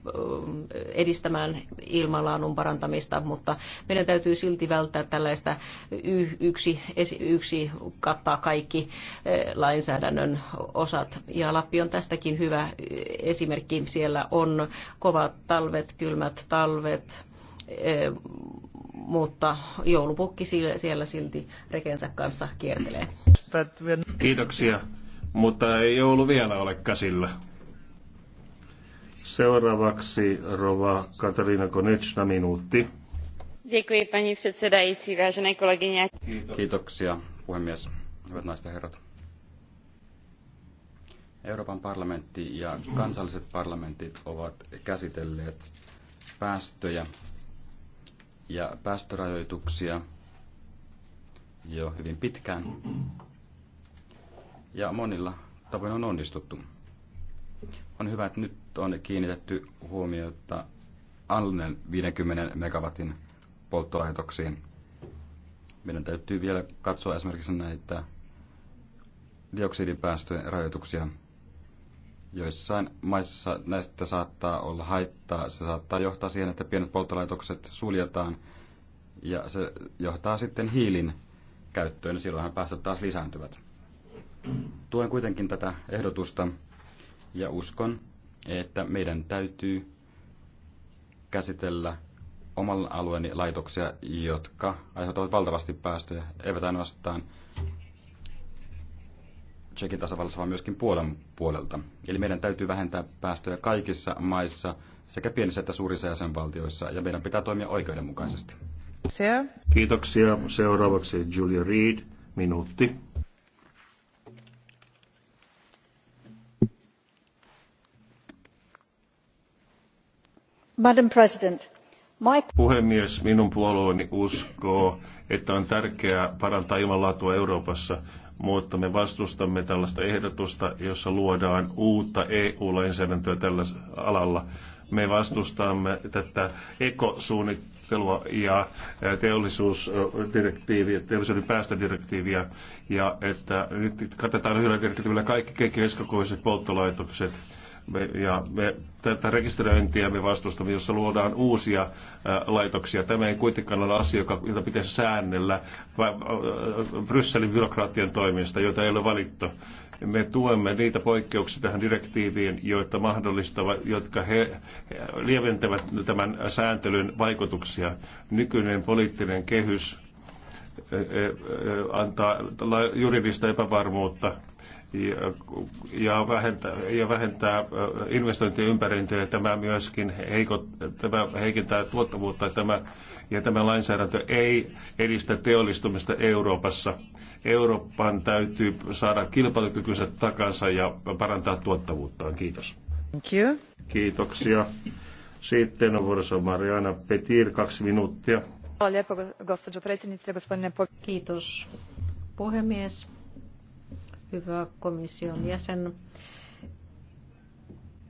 C: edistämään ilmanlaadun parantamista, mutta meidän täytyy silti välttää tällaista yksi, yksi kattaa kaikki eh, lainsäädännön osat. Ja Lappi on tästäkin hyvä esimerkki. Siellä on kovat talvet, kylmät talvet, eh, mutta joulupukki siellä silti rekensä kanssa kiertelee.
A: Kiitoksia, mutta ei joulu vielä ole käsillä. Seuraavaksi rova Katarina Konečna minuutti.
C: Děkuji, paní předsedající, vážené kolegyně.
A: Kiitoksia, puhemies
B: hyvät naiset ja herrat. Euroopan parlamentti ja kansalliset parlamentit ovat käsitelleet päästöjä ja päästörajoituksia jo hyvin pitkään. Ja monilla tavoin on onnistuttu. On hyvä, että nyt on kiinnitetty huomiota alle 50 megawatin polttolaitoksiin. Meidän täytyy vielä katsoa esimerkiksi näitä dioksidipäästöjen rajoituksia. Joissain maissa näistä saattaa olla haittaa. Se saattaa johtaa siihen, että pienet polttolaitokset suljetaan ja se johtaa sitten hiilin käyttöön ja silloinhan päästöt taas lisääntyvät. Tuen kuitenkin tätä ehdotusta ja uskon, että meidän täytyy käsitellä omalla alueeni laitoksia, jotka aiheuttavat valtavasti päästöjä, eivät ainoastaan Tsekin tasavallassa, vaan myöskin Puolan puolelta. Eli meidän täytyy vähentää päästöjä kaikissa maissa, sekä pienissä että suurissa jäsenvaltioissa, ja meidän pitää toimia oikeudenmukaisesti.
A: Kiitoksia. Seuraavaksi Julia Reed, minuutti.
C: Madam President, Puhemies,
A: minun puolueeni uskoo, että on tärkeää parantaa ilmanlaatua Euroopassa mutta me vastustamme tällaista ehdotusta, jossa luodaan uutta EU-lainsäädäntöä tällä alalla. Me vastustamme tätä ekosuunnittelua ja teollisuusdirektiiviä, teollisuuden päästödirektiiviä, ja että nyt katetaan yhdellä direktiivillä kaikki keskikokoiset polttolaitokset ja me, tätä rekisteröintiä me vastustamme, jossa luodaan uusia ää, laitoksia. Tämä ei kuitenkaan ole asia, joka, jota pitäisi säännellä vai, ää, Brysselin byrokraattien toimista, joita ei ole valittu. Me tuemme niitä poikkeuksia tähän direktiiviin, joita mahdollistavat, jotka he, he lieventävät tämän sääntelyn vaikutuksia. Nykyinen poliittinen kehys antaa juridista epävarmuutta ja, ja, vähentää, ja vähentää investointiympäristöä. Tämä myöskin heiko, tämä heikentää tuottavuutta tämä, ja tämä lainsäädäntö ei edistä teollistumista Euroopassa. Euroopan täytyy saada kilpailukykyiset takansa ja parantaa tuottavuuttaan. Kiitos. Thank you. Kiitoksia. Sitten on vuorossa Mariana Petir, kaksi minuuttia.
C: Kiitos puhemies Hyvä komission jäsen.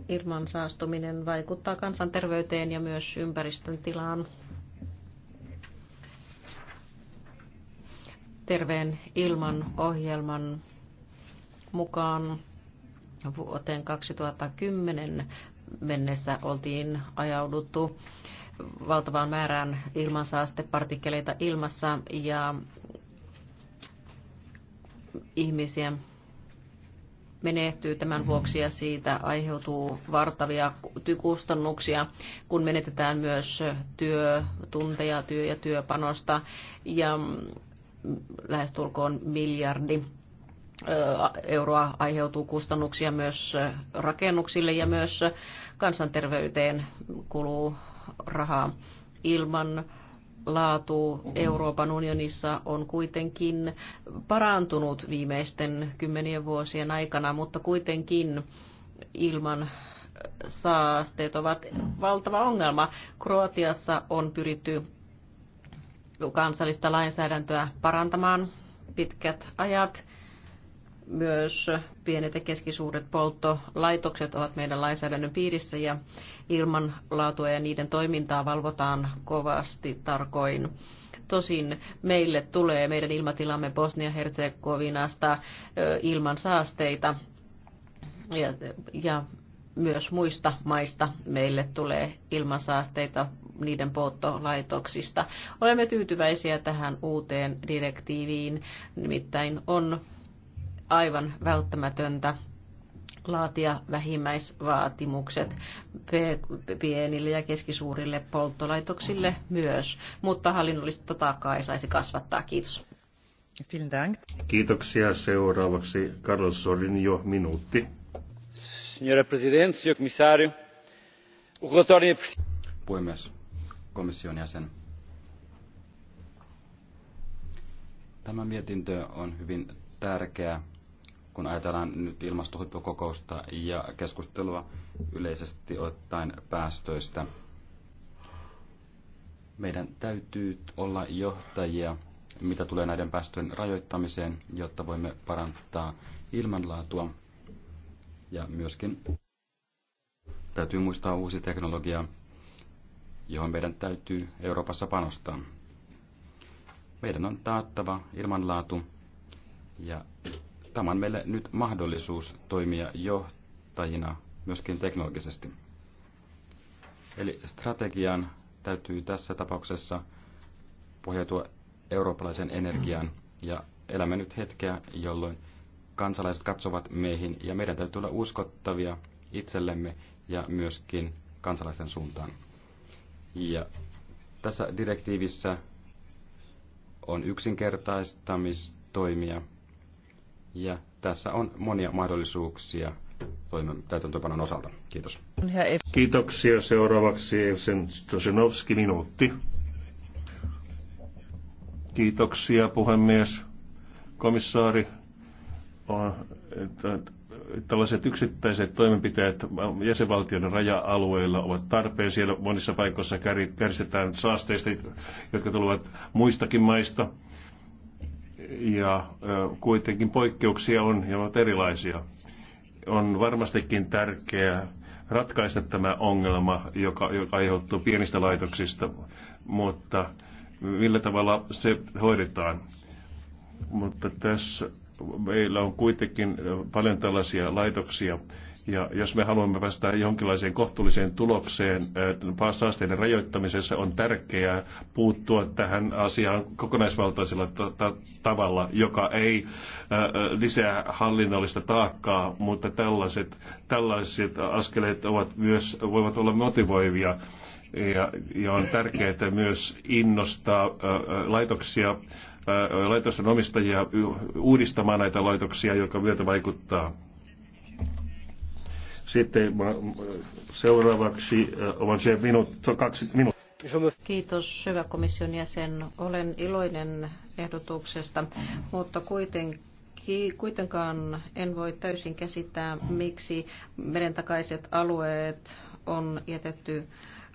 C: Ilman saastuminen vaikuttaa kansanterveyteen ja myös ympäristön tilaan. Terveen ilman ohjelman mukaan vuoteen 2010 mennessä oltiin ajauduttu valtavaan määrään ilmansaastepartikkeleita ilmassa ja ihmisiä menehtyy tämän vuoksi ja siitä aiheutuu vartavia kustannuksia, kun menetetään myös työtunteja, työ- ja työpanosta ja lähestulkoon miljardi euroa aiheutuu kustannuksia myös rakennuksille ja myös kansanterveyteen kuluu rahaa ilman laatu Euroopan unionissa on kuitenkin parantunut viimeisten kymmenien vuosien aikana, mutta kuitenkin ilman saasteet ovat valtava ongelma. Kroatiassa on pyritty kansallista lainsäädäntöä parantamaan pitkät ajat myös pienet ja keskisuuret polttolaitokset ovat meidän lainsäädännön piirissä ja ilmanlaatua ja niiden toimintaa valvotaan kovasti tarkoin tosin meille tulee meidän ilmatilamme Bosnia-Herzegovinasta ilman saasteita ja, ja myös muista maista meille tulee ilmansaasteita niiden polttolaitoksista. Olemme tyytyväisiä tähän uuteen direktiiviin, nimittäin on aivan välttämätöntä laatia vähimmäisvaatimukset pienille ja keskisuurille polttolaitoksille myös, mutta hallinnollista taakkaa ei saisi kasvattaa. Kiitos.
A: Kiitoksia. Seuraavaksi Carlos jo minuutti.
B: Signora
A: Presidente, signor
B: Commissario, Puhemies, komission jäsen. Tämä mietintö on hyvin tärkeä kun ajatellaan nyt ilmastohuippukokousta ja keskustelua yleisesti ottaen päästöistä. Meidän täytyy olla johtajia, mitä tulee näiden päästöjen rajoittamiseen, jotta voimme parantaa ilmanlaatua ja myöskin täytyy muistaa uusi teknologia, johon meidän täytyy Euroopassa panostaa. Meidän on taattava ilmanlaatu ja Tämä on meille nyt mahdollisuus toimia johtajina myöskin teknologisesti. Eli strategian täytyy tässä tapauksessa pohjautua eurooppalaisen energiaan. Ja elämme nyt hetkeä, jolloin kansalaiset katsovat meihin ja meidän täytyy olla uskottavia itsellemme ja myöskin kansalaisten suuntaan. Ja tässä direktiivissä on yksinkertaistamistoimia,
A: ja tässä on monia mahdollisuuksia täytäntöpanon osalta. Kiitos. Kiitoksia. Seuraavaksi Evsen Stosinovski, minuutti. Kiitoksia puhemies. Komissaari, on, että tällaiset yksittäiset toimenpiteet jäsenvaltioiden raja-alueilla ovat tarpeen. Siellä monissa paikoissa kärsitään saasteista, jotka tulevat muistakin maista ja kuitenkin poikkeuksia on ja ovat erilaisia. On varmastikin tärkeää ratkaista tämä ongelma, joka, joka aiheutuu pienistä laitoksista, mutta millä tavalla se hoidetaan. Mutta tässä meillä on kuitenkin paljon tällaisia laitoksia, ja jos me haluamme päästä jonkinlaiseen kohtuulliseen tulokseen äh, saasteiden rajoittamisessa, on tärkeää puuttua tähän asiaan kokonaisvaltaisella tavalla, joka ei äh, lisää hallinnollista taakkaa, mutta tällaiset, tällaiset askeleet ovat myös, voivat olla motivoivia. Ja, ja on tärkeää myös innostaa äh, laitoksia, laitosten omistajia uudistamaan näitä laitoksia, joka myötä vaikuttaa sitten seuraavaksi äh, on se minuutti, kaksi minuuttia.
C: Kiitos hyvä komission jäsen. Olen iloinen ehdotuksesta, mutta kuitenkin kuitenkaan en voi täysin käsittää, miksi merentakaiset alueet on jätetty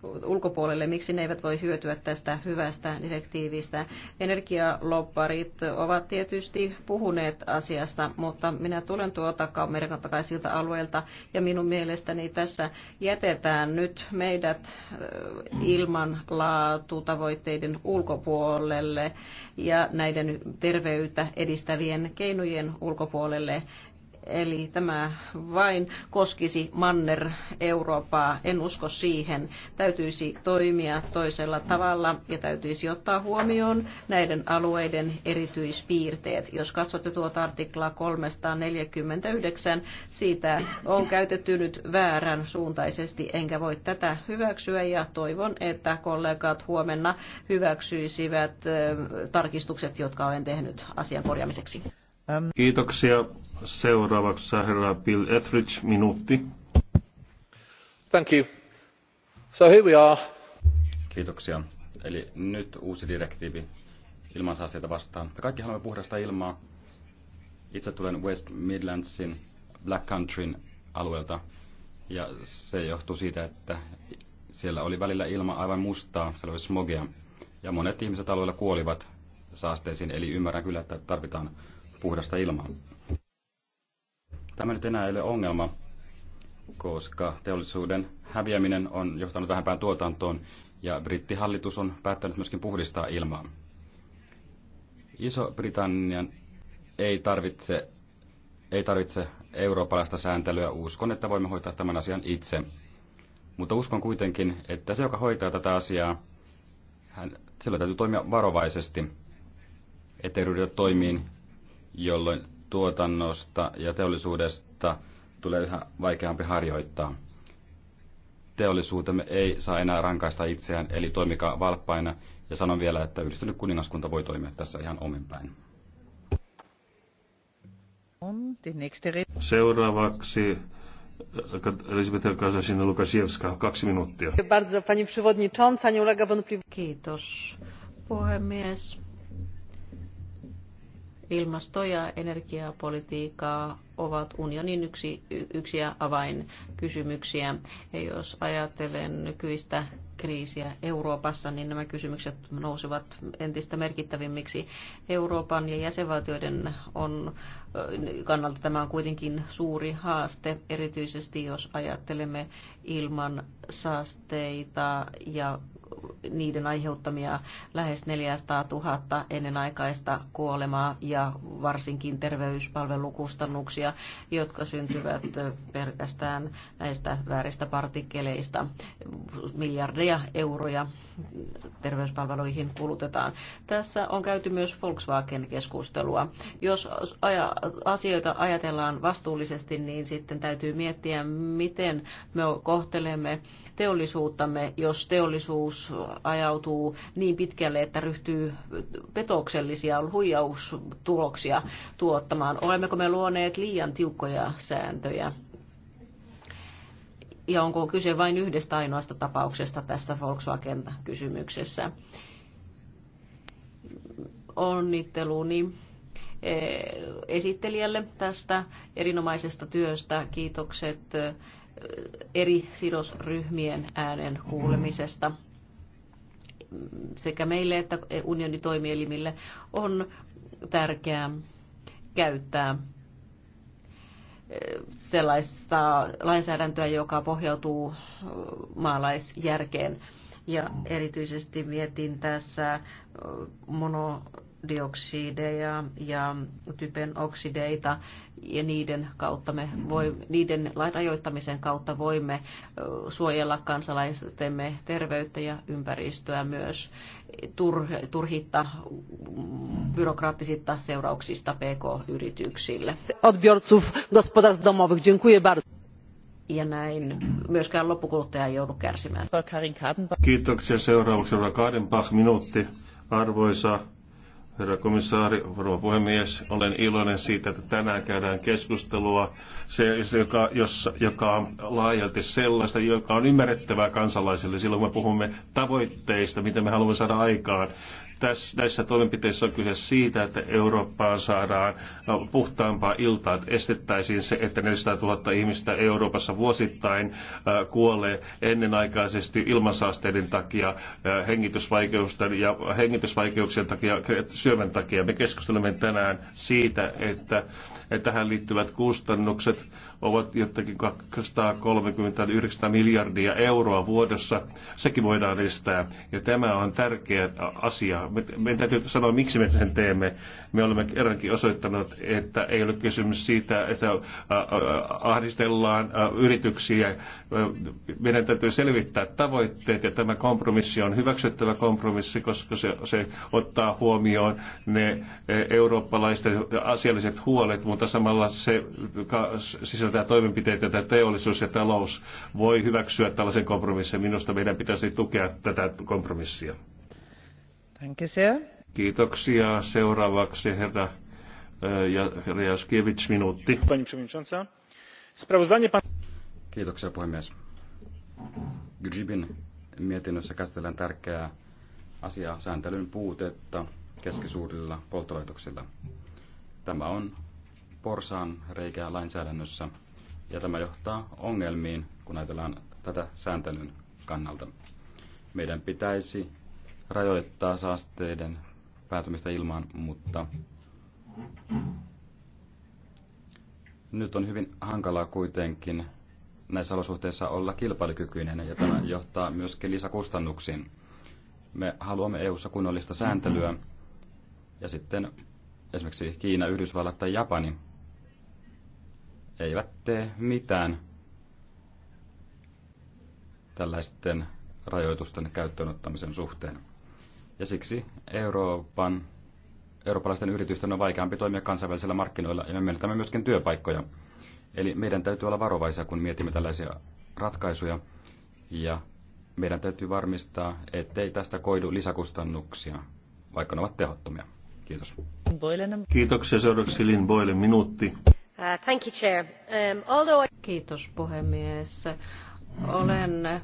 C: ulkopuolelle, miksi ne eivät voi hyötyä tästä hyvästä direktiivistä. Energialopparit ovat tietysti puhuneet asiasta, mutta minä tulen tuolta Kaumerikan takaisilta alueelta ja minun mielestäni tässä jätetään nyt meidät ilman laatutavoitteiden ulkopuolelle ja näiden terveyttä edistävien keinojen ulkopuolelle. Eli tämä vain koskisi Manner-Eurooppaa. En usko siihen. Täytyisi toimia toisella tavalla ja täytyisi ottaa huomioon näiden alueiden erityispiirteet. Jos katsotte tuota artiklaa 349, siitä on käytetty nyt väärän suuntaisesti, enkä voi tätä hyväksyä ja toivon, että kollegat huomenna hyväksyisivät eh, tarkistukset, jotka olen tehnyt asian korjaamiseksi.
A: Ähm. Kiitoksia. Seuraavaksi herra Bill Etheridge, minuutti. Thank you. So here we are. Kiitoksia. Eli nyt
B: uusi direktiivi ilmansaasteita vastaan. Me kaikki haluamme puhdasta ilmaa. Itse tulen West Midlandsin Black Countryn alueelta. Ja se johtuu siitä, että siellä oli välillä ilma aivan mustaa, siellä oli smogia. Ja monet ihmiset alueella kuolivat saasteisiin, eli ymmärrän kyllä, että tarvitaan puhdasta ilmaa. Tämä nyt enää ei ole ongelma, koska teollisuuden häviäminen on johtanut vähempään tuotantoon ja brittihallitus on päättänyt myöskin puhdistaa ilmaa. Iso-Britannian ei tarvitse, ei tarvitse eurooppalaista sääntelyä. Uskon, että voimme hoitaa tämän asian itse. Mutta uskon kuitenkin, että se, joka hoitaa tätä asiaa, hän, sillä täytyy toimia varovaisesti, ettei ryhdytä toimiin, jolloin tuotannosta ja teollisuudesta tulee yhä vaikeampi harjoittaa. Teollisuutemme ei saa enää rankaista itseään, eli toimikaa valppaina, ja sanon vielä, että yhdistynyt kuningaskunta voi toimia tässä ihan omin päin.
A: Seuraavaksi äh, Elisabeth Kazasina Lukasiewska, kaksi minuuttia.
C: Kiitos, puhemies Ilmasto- ja energiapolitiikkaa ovat unionin yksi, yksiä avainkysymyksiä. Ja jos ajattelen nykyistä kriisiä Euroopassa, niin nämä kysymykset nousevat entistä merkittävimmiksi. Euroopan ja jäsenvaltioiden on, kannalta tämä on kuitenkin suuri haaste, erityisesti jos ajattelemme ilman saasteita ja niiden aiheuttamia lähes 400 000 ennenaikaista kuolemaa ja varsinkin terveyspalvelukustannuksia, jotka syntyvät pelkästään näistä vääristä partikkeleista. Miljardeja euroja terveyspalveluihin kulutetaan. Tässä on käyty myös Volkswagen-keskustelua. Jos asioita ajatellaan vastuullisesti, niin sitten täytyy miettiä, miten me kohtelemme teollisuuttamme, jos teollisuus ajautuu niin pitkälle, että ryhtyy petoksellisia huijaustuloksia tuottamaan. Olemmeko me luoneet liian tiukkoja sääntöjä? Ja onko kyse vain yhdestä ainoasta tapauksesta tässä Volkswagen-kysymyksessä? Onnitteluni eh, esittelijälle tästä erinomaisesta työstä. Kiitokset eh, eri sidosryhmien äänen kuulemisesta sekä meille että unionin toimielimille on tärkeää käyttää eh, sellaista lainsäädäntöä, joka pohjautuu eh, maalaisjärkeen. Ja erityisesti mietin tässä eh, mono dioksideja ja typen oksideita ja niiden, kautta me voi, niiden rajoittamisen kautta voimme suojella kansalaistemme terveyttä ja ympäristöä myös tur, turhitta byrokraattisista seurauksista pk-yrityksille. Odbiorców gospodarstw domowych. Dziękuję bardzo ja näin myöskään loppukuluttaja ei joudu kärsimään.
A: Kiitoksia. Seuraavaksi Kadenbach minuutti. Arvoisa Herra komissaari, rouva puhemies, olen iloinen siitä, että tänään käydään keskustelua, se, joka, jossa, joka on laajalti sellaista, joka on ymmärrettävää kansalaisille. Silloin kun me puhumme tavoitteista, mitä me haluamme saada aikaan, tässä, näissä toimenpiteissä on kyse siitä, että Eurooppaan saadaan puhtaampaa iltaa, että estettäisiin se, että 400 000 ihmistä Euroopassa vuosittain kuolee ennenaikaisesti ilmansaasteiden takia, hengitysvaikeusten ja hengitysvaikeuksien takia, syövän takia. Me keskustelemme tänään siitä, että, tähän liittyvät kustannukset ovat jotakin 239 miljardia euroa vuodessa. Sekin voidaan estää. Ja tämä on tärkeä asia meidän täytyy sanoa, miksi me sen teemme. Me olemme kerrankin osoittaneet, että ei ole kysymys siitä, että ahdistellaan yrityksiä. Meidän täytyy selvittää tavoitteet ja tämä kompromissi on hyväksyttävä kompromissi, koska se, se ottaa huomioon ne eurooppalaisten asialliset huolet, mutta samalla se sisältää toimenpiteitä, että teollisuus ja talous voi hyväksyä tällaisen kompromissin. Minusta meidän pitäisi tukea tätä kompromissia. Danke sehr. Kiitoksia. Seuraavaksi herra eh, Jaskiewicz, minuutti. Kiitoksia puhemies.
B: Gribin mietinnössä käsitellään tärkeää asiaa sääntelyn puutetta keskisuurilla polttolaitoksilla. Tämä on porsaan reikää lainsäädännössä ja tämä johtaa ongelmiin, kun ajatellaan tätä sääntelyn kannalta. Meidän pitäisi rajoittaa saasteiden päätymistä ilmaan, mutta nyt on hyvin hankalaa kuitenkin näissä olosuhteissa olla kilpailukykyinen ja tämä johtaa myöskin lisäkustannuksiin. Me haluamme EU-ssa kunnollista sääntelyä ja sitten esimerkiksi Kiina, Yhdysvallat tai Japani eivät tee mitään tällaisten rajoitusten käyttöönottamisen suhteen. Ja siksi Euroopan, eurooppalaisten yritysten on vaikeampi toimia kansainvälisillä markkinoilla ja me menetämme myöskin työpaikkoja. Eli meidän täytyy olla varovaisia, kun mietimme tällaisia ratkaisuja ja meidän täytyy varmistaa, ettei tästä koidu lisäkustannuksia,
A: vaikka ne ovat tehottomia. Kiitos. Kiitoksia. Seuraavaksi Lin Boylen minuutti. Uh,
C: thank you, Chair. Um, although Kiitos puhemies. Olen uh,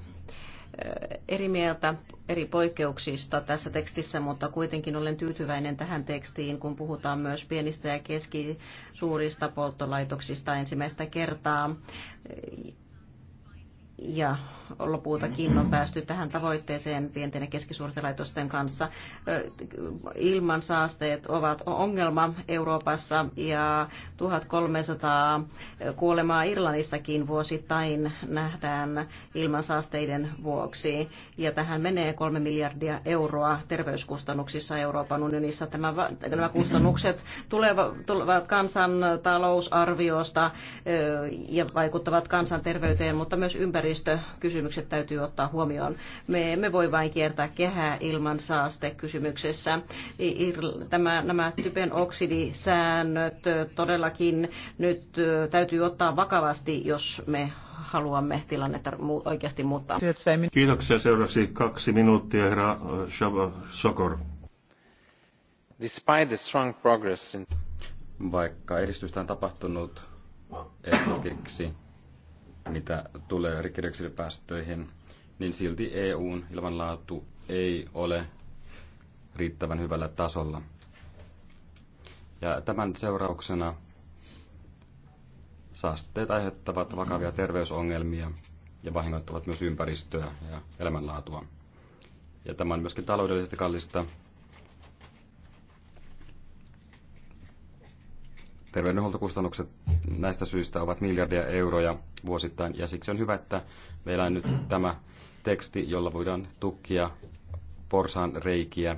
C: eri mieltä eri poikkeuksista tässä tekstissä, mutta kuitenkin olen tyytyväinen tähän tekstiin, kun puhutaan myös pienistä ja keskisuurista polttolaitoksista ensimmäistä kertaa ja lopultakin on päästy tähän tavoitteeseen pienten ja keskisuurten laitosten kanssa. Ilmansaasteet ovat ongelma Euroopassa ja 1300 kuolemaa Irlannissakin vuosittain nähdään ilmansaasteiden vuoksi. Ja tähän menee kolme miljardia euroa terveyskustannuksissa Euroopan unionissa. Tämä, nämä kustannukset tulevat kansan kansantalousarviosta ja vaikuttavat kansanterveyteen, mutta myös ympäristöön ympäristökysymykset täytyy ottaa huomioon. Me emme voi vain kiertää kehää ilman saastekysymyksessä. Tämä, nämä typen oksidisäännöt todellakin nyt täytyy ottaa vakavasti, jos me haluamme tilannetta oikeasti muuttaa.
A: Kiitoksia. Seuraavaksi kaksi minuuttia, herra Shava Sokor. Despite the strong progress in... Vaikka edistystä on
B: tapahtunut esimerkiksi mitä tulee rikkidioksidipäästöihin, niin silti EUn ilmanlaatu ei ole riittävän hyvällä tasolla. Ja tämän seurauksena saasteet aiheuttavat vakavia terveysongelmia ja vahingoittavat myös ympäristöä ja elämänlaatua. Ja tämä on myöskin taloudellisesti kallista terveydenhuoltokustannukset näistä syistä ovat miljardia euroja vuosittain, ja siksi on hyvä, että meillä on nyt tämä teksti, jolla voidaan tukkia porsaan reikiä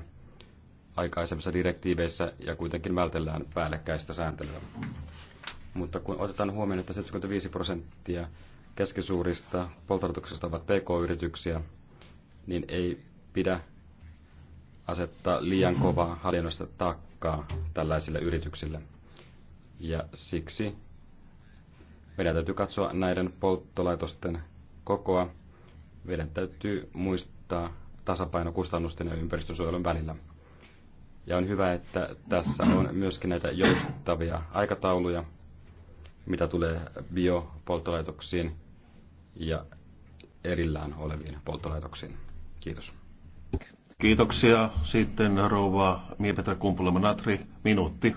B: aikaisemmissa direktiiveissä ja kuitenkin vältellään päällekkäistä sääntelyä. Mutta kun otetaan huomioon, että 75 prosenttia keskisuurista polttotuksista ovat pk-yrityksiä, niin ei pidä asettaa liian kovaa hallinnosta taakkaa tällaisille yrityksille. Ja siksi meidän täytyy katsoa näiden polttolaitosten kokoa. Meidän täytyy muistaa tasapaino kustannusten ja ympäristönsuojelun välillä. Ja on hyvä, että tässä on myöskin näitä joustavia aikatauluja, mitä tulee biopolttolaitoksiin ja
A: erillään oleviin polttolaitoksiin. Kiitos. Kiitoksia. Sitten rouva Miepetra Kumpulema-Natri, minuutti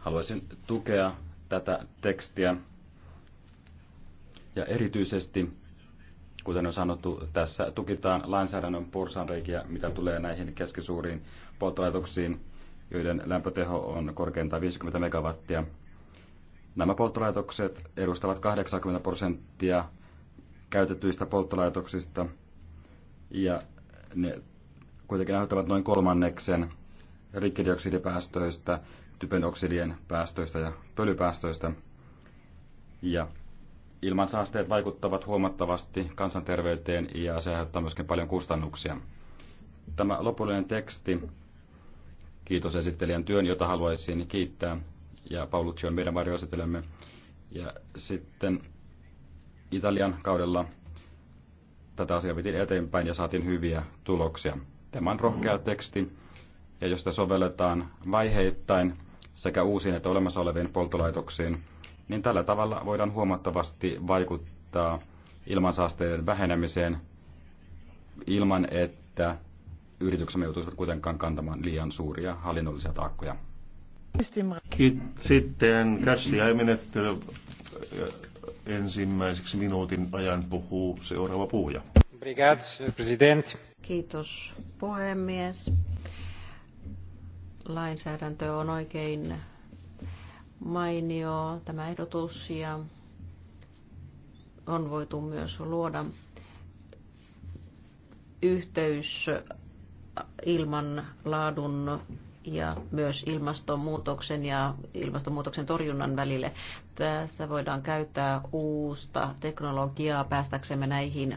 B: Haluaisin tukea tätä tekstiä ja erityisesti, kuten on sanottu, tässä tukitaan lainsäädännön porsanreikiä, mitä tulee näihin keskisuuriin polttolaitoksiin, joiden lämpöteho on korkeintaan 50 megawattia. Nämä polttolaitokset edustavat 80 prosenttia käytetyistä polttolaitoksista ja ne kuitenkin aiheuttavat noin kolmanneksen rikkidioksidipäästöistä typenoksidien päästöistä ja pölypäästöistä. Ja ilmansaasteet vaikuttavat huomattavasti kansanterveyteen ja se aiheuttaa myöskin paljon kustannuksia. Tämä lopullinen teksti, kiitos esittelijän työn, jota haluaisin kiittää, ja Paulucci on meidän varjoesittelemme. Ja sitten Italian kaudella tätä asiaa vietiin eteenpäin ja saatiin hyviä tuloksia. Tämä on rohkea teksti, ja jos sitä sovelletaan vaiheittain, sekä uusiin että olemassa oleviin polttolaitoksiin, niin tällä tavalla voidaan huomattavasti vaikuttaa ilmansaasteiden vähenemiseen ilman, että yrityksemme joutuisivat kuitenkaan
A: kantamaan liian suuria hallinnollisia taakkoja. Sitten Kärsli menettely ensimmäiseksi minuutin ajan puhuu seuraava puhuja.
C: Kiitos puhemies lainsäädäntö on oikein mainio tämä ehdotus ja on voitu myös luoda yhteys ilman laadun ja myös ilmastonmuutoksen ja ilmastonmuutoksen torjunnan välille tässä voidaan käyttää uusta teknologiaa päästäksemme näihin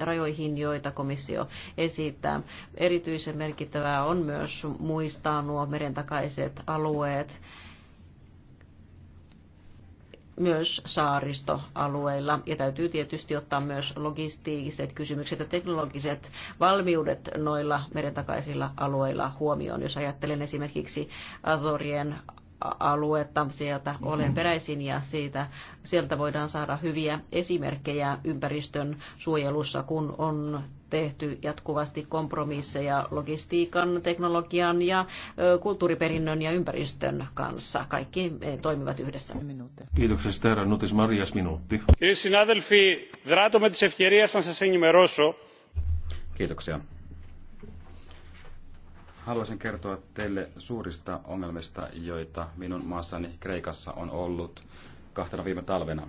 C: rajoihin, joita komissio esittää. Erityisen merkittävää on myös muistaa nuo meren takaiset alueet myös saaristoalueilla. Ja täytyy tietysti ottaa myös logistiiset kysymykset ja teknologiset valmiudet noilla merentakaisilla alueilla huomioon. Jos ajattelen esimerkiksi Azorien aluetta. Sieltä olen peräisin ja siitä, sieltä voidaan saada hyviä esimerkkejä ympäristön suojelussa, kun on tehty jatkuvasti kompromisseja logistiikan, teknologian ja kulttuuriperinnön ja ympäristön kanssa. Kaikki e, toimivat yhdessä.
A: Kiitoksia, herra Nutis Marias, minuutti. Kiitoksia
B: haluaisin kertoa teille suurista ongelmista, joita minun maassani Kreikassa on ollut kahtena viime talvena.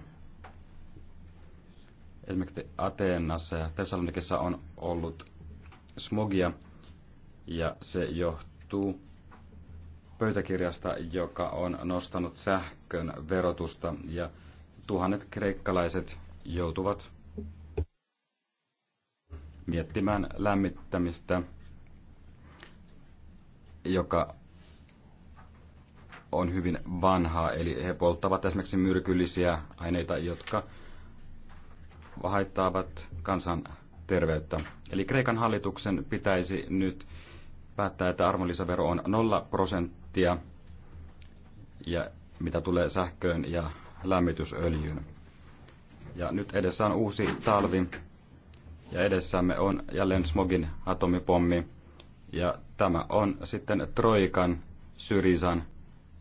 B: Esimerkiksi Ateenassa ja Thessalonikissa on ollut smogia, ja se johtuu pöytäkirjasta, joka on nostanut sähkön verotusta, ja tuhannet kreikkalaiset joutuvat miettimään lämmittämistä – joka on hyvin vanhaa, eli he polttavat esimerkiksi myrkyllisiä aineita, jotka haittaavat kansan terveyttä. Eli Kreikan hallituksen pitäisi nyt päättää, että arvonlisävero on 0 prosenttia, ja mitä tulee sähköön ja lämmitysöljyyn. Ja nyt edessä on uusi talvi, ja edessämme on jälleen smogin atomipommi, ja Tämä on sitten Troikan, Syrizan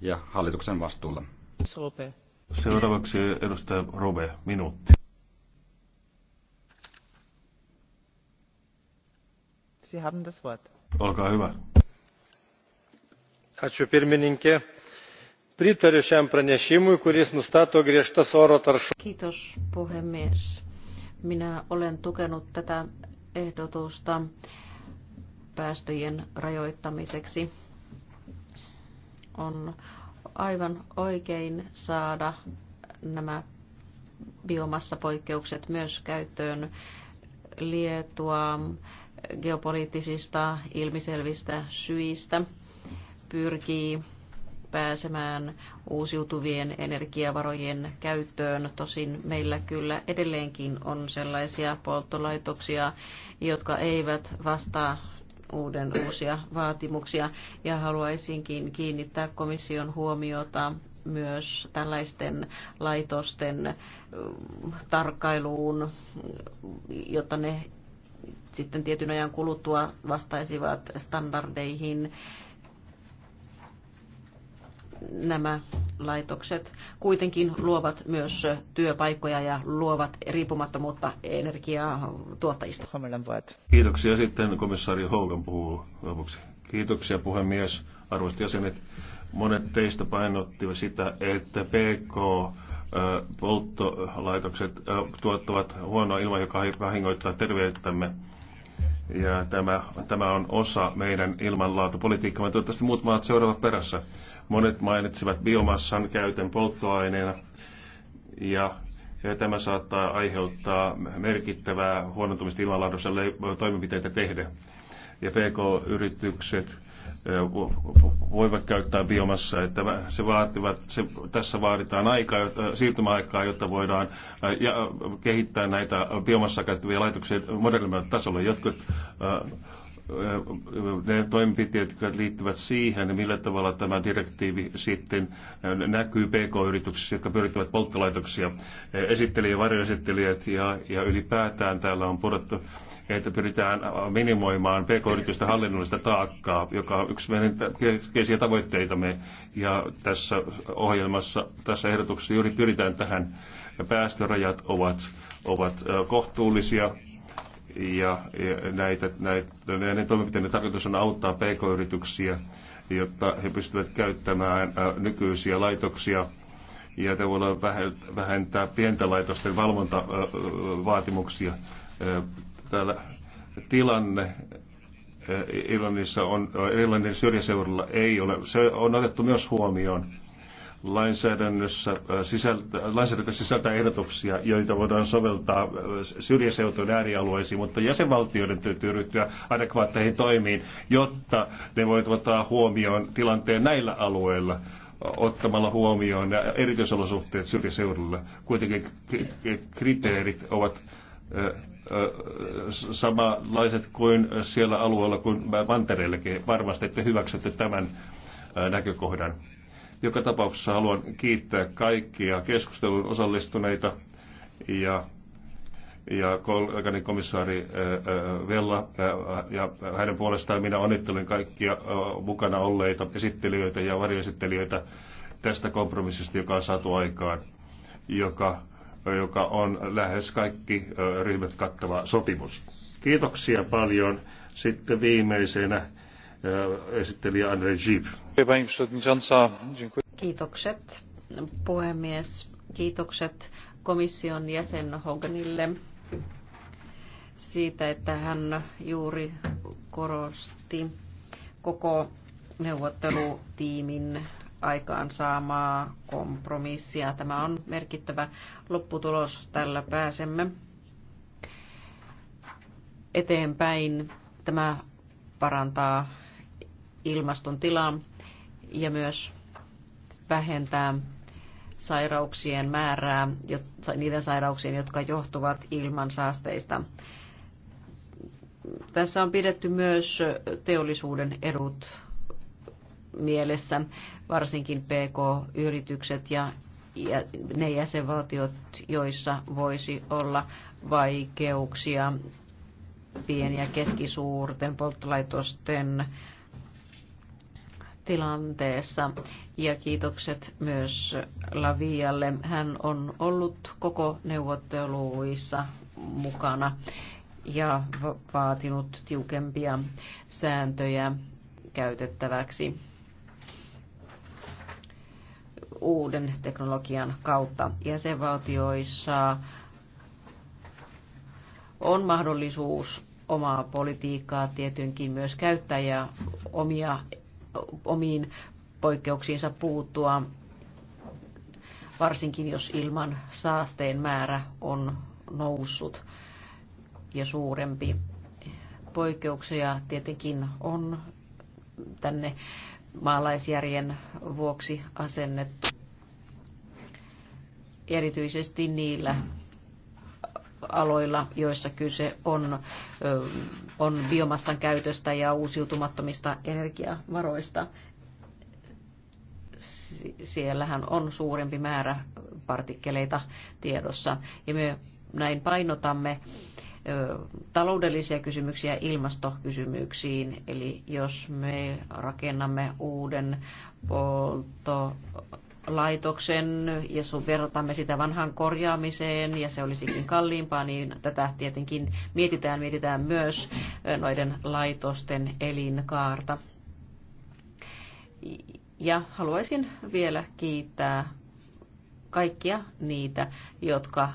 B: ja hallituksen vastuulla.
A: Seuraavaksi edustaja Robe, minuutti. Sie haben das Wort. Olkaa hyvä. Ačiū pirmininkė. Pritariu šiam pranešimui, kuris nustato griežtas oro taršos.
C: Kiitos puhemies. Minä olen tukenut tätä ehdotusta päästöjen rajoittamiseksi. On aivan oikein saada nämä biomassapoikkeukset myös käyttöön Lietua geopoliittisista ilmiselvistä syistä pyrkii pääsemään uusiutuvien energiavarojen käyttöön. Tosin meillä kyllä edelleenkin on sellaisia polttolaitoksia, jotka eivät vastaa uuden uusia vaatimuksia ja haluaisinkin kiinnittää komission huomiota myös tällaisten laitosten tarkkailuun, jotta ne sitten tietyn ajan kuluttua vastaisivat standardeihin nämä laitokset kuitenkin luovat myös työpaikkoja ja luovat riippumattomuutta energiaa tuottajista.
A: Kiitoksia. Sitten komissaari Hogan puhuu lopuksi. Kiitoksia puhemies, arvoisat jäsenet. Monet teistä painottivat sitä, että PK polttolaitokset tuottavat huonoa ilmaa, joka vahingoittaa terveyttämme. Ja tämä, tämä on osa meidän ilmanlaatupolitiikkaa. Toivottavasti muut maat seuraavat perässä. Monet mainitsivat biomassan käytön polttoaineena ja ja tämä saattaa aiheuttaa merkittävää huonontumista ilmanlaadussa toimenpiteitä tehdä. Ja PK-yritykset voivat käyttää biomassaa. Että se vaativat, se, tässä vaaditaan aikaa, siirtymäaikaa, jotta voidaan ja, kehittää näitä biomassa käyttäviä laitoksia modernimmalle tasolle. Jotkut ne toimenpiteet, jotka liittyvät siihen, millä tavalla tämä direktiivi sitten näkyy PK-yrityksissä, jotka pyörittävät polttolaitoksia. Esittelijä, varjoesittelijät ja, ja ylipäätään täällä on pudottu että pyritään minimoimaan pk-yritysten hallinnollista taakkaa, joka on yksi meidän keskeisiä tavoitteitamme. Ja tässä ohjelmassa, tässä ehdotuksessa juuri pyritään tähän. Päästörajat ovat, ovat kohtuullisia ja, ja näitä, näitä, näiden toimenpiteiden tarkoitus on auttaa pk-yrityksiä, jotta he pystyvät käyttämään nykyisiä laitoksia ja te voidaan vähentää pienten laitosten valvontavaatimuksia. Täällä tilanne Irlannissa on, Irlannin syrjäseudulla ei ole. Se on otettu myös huomioon lainsäädännössä äh, sisältää, lainsäädäntö sisältää ehdotuksia, joita voidaan soveltaa äh, syrjäseutujen äärialueisiin, mutta jäsenvaltioiden täytyy ryhtyä adekvaatteihin toimiin, jotta ne voivat ottaa huomioon tilanteen näillä alueilla ottamalla huomioon erityisolosuhteet syrjäseudulla. Kuitenkin kriteerit ovat samanlaiset kuin siellä alueella kuin Mantereellekin. Varmasti te hyväksytte tämän näkökohdan. Joka tapauksessa haluan kiittää kaikkia keskustelun osallistuneita ja ja kollegani komissaari Vella ja hänen puolestaan minä onnittelen kaikkia mukana olleita esittelijöitä ja varjoesittelijöitä tästä kompromissista, joka on saatu aikaan, joka, joka on lähes kaikki ryhmät kattava sopimus. Kiitoksia paljon. Sitten viimeisenä esittelijä Andrej Jeep.
C: Kiitokset puhemies. Kiitokset komission jäsen Hoganille siitä, että hän juuri korosti koko neuvottelutiimin aikaansaamaa kompromissia. Tämä on merkittävä lopputulos. Tällä pääsemme eteenpäin. Tämä parantaa ilmaston tilaan ja myös vähentää sairauksien määrää, niiden sairauksien, jotka johtuvat ilmansaasteista. Tässä on pidetty myös teollisuuden edut mielessä, varsinkin PK-yritykset ja ja ne jäsenvaltiot, joissa voisi olla vaikeuksia pieniä keskisuurten polttolaitosten tilanteessa. Ja kiitokset myös Lavialle. Hän on ollut koko neuvotteluissa mukana ja vaatinut tiukempia sääntöjä käytettäväksi uuden teknologian kautta. Jäsenvaltioissa on mahdollisuus omaa politiikkaa tietenkin myös käyttää ja omia omiin poikkeuksiinsa puuttua, varsinkin jos ilman saasteen määrä on noussut ja suurempi. Poikkeuksia tietenkin on tänne maalaisjärjen vuoksi asennettu erityisesti niillä aloilla, joissa kyse on, on biomassan käytöstä ja uusiutumattomista energiavaroista. Siellähän on suurempi määrä partikkeleita tiedossa. Ja me näin painotamme taloudellisia kysymyksiä ilmastokysymyksiin. Eli jos me rakennamme uuden polto, laitoksen ja sun verrattamme sitä vanhan korjaamiseen ja se olisikin kalliimpaa, niin tätä tietenkin mietitään, mietitään myös noiden laitosten elinkaarta. Ja haluaisin vielä kiittää kaikkia niitä, jotka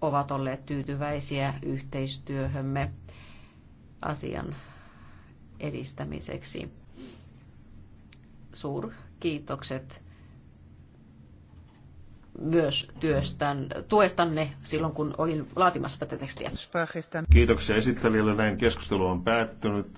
C: ovat olleet tyytyväisiä yhteistyöhömme asian edistämiseksi. Suurkiitokset myös työstän, tuestanne silloin, kun olin laatimassa tätä tekstiä.
A: Kiitoksia esittelijälle. Näin keskustelu on päättynyt.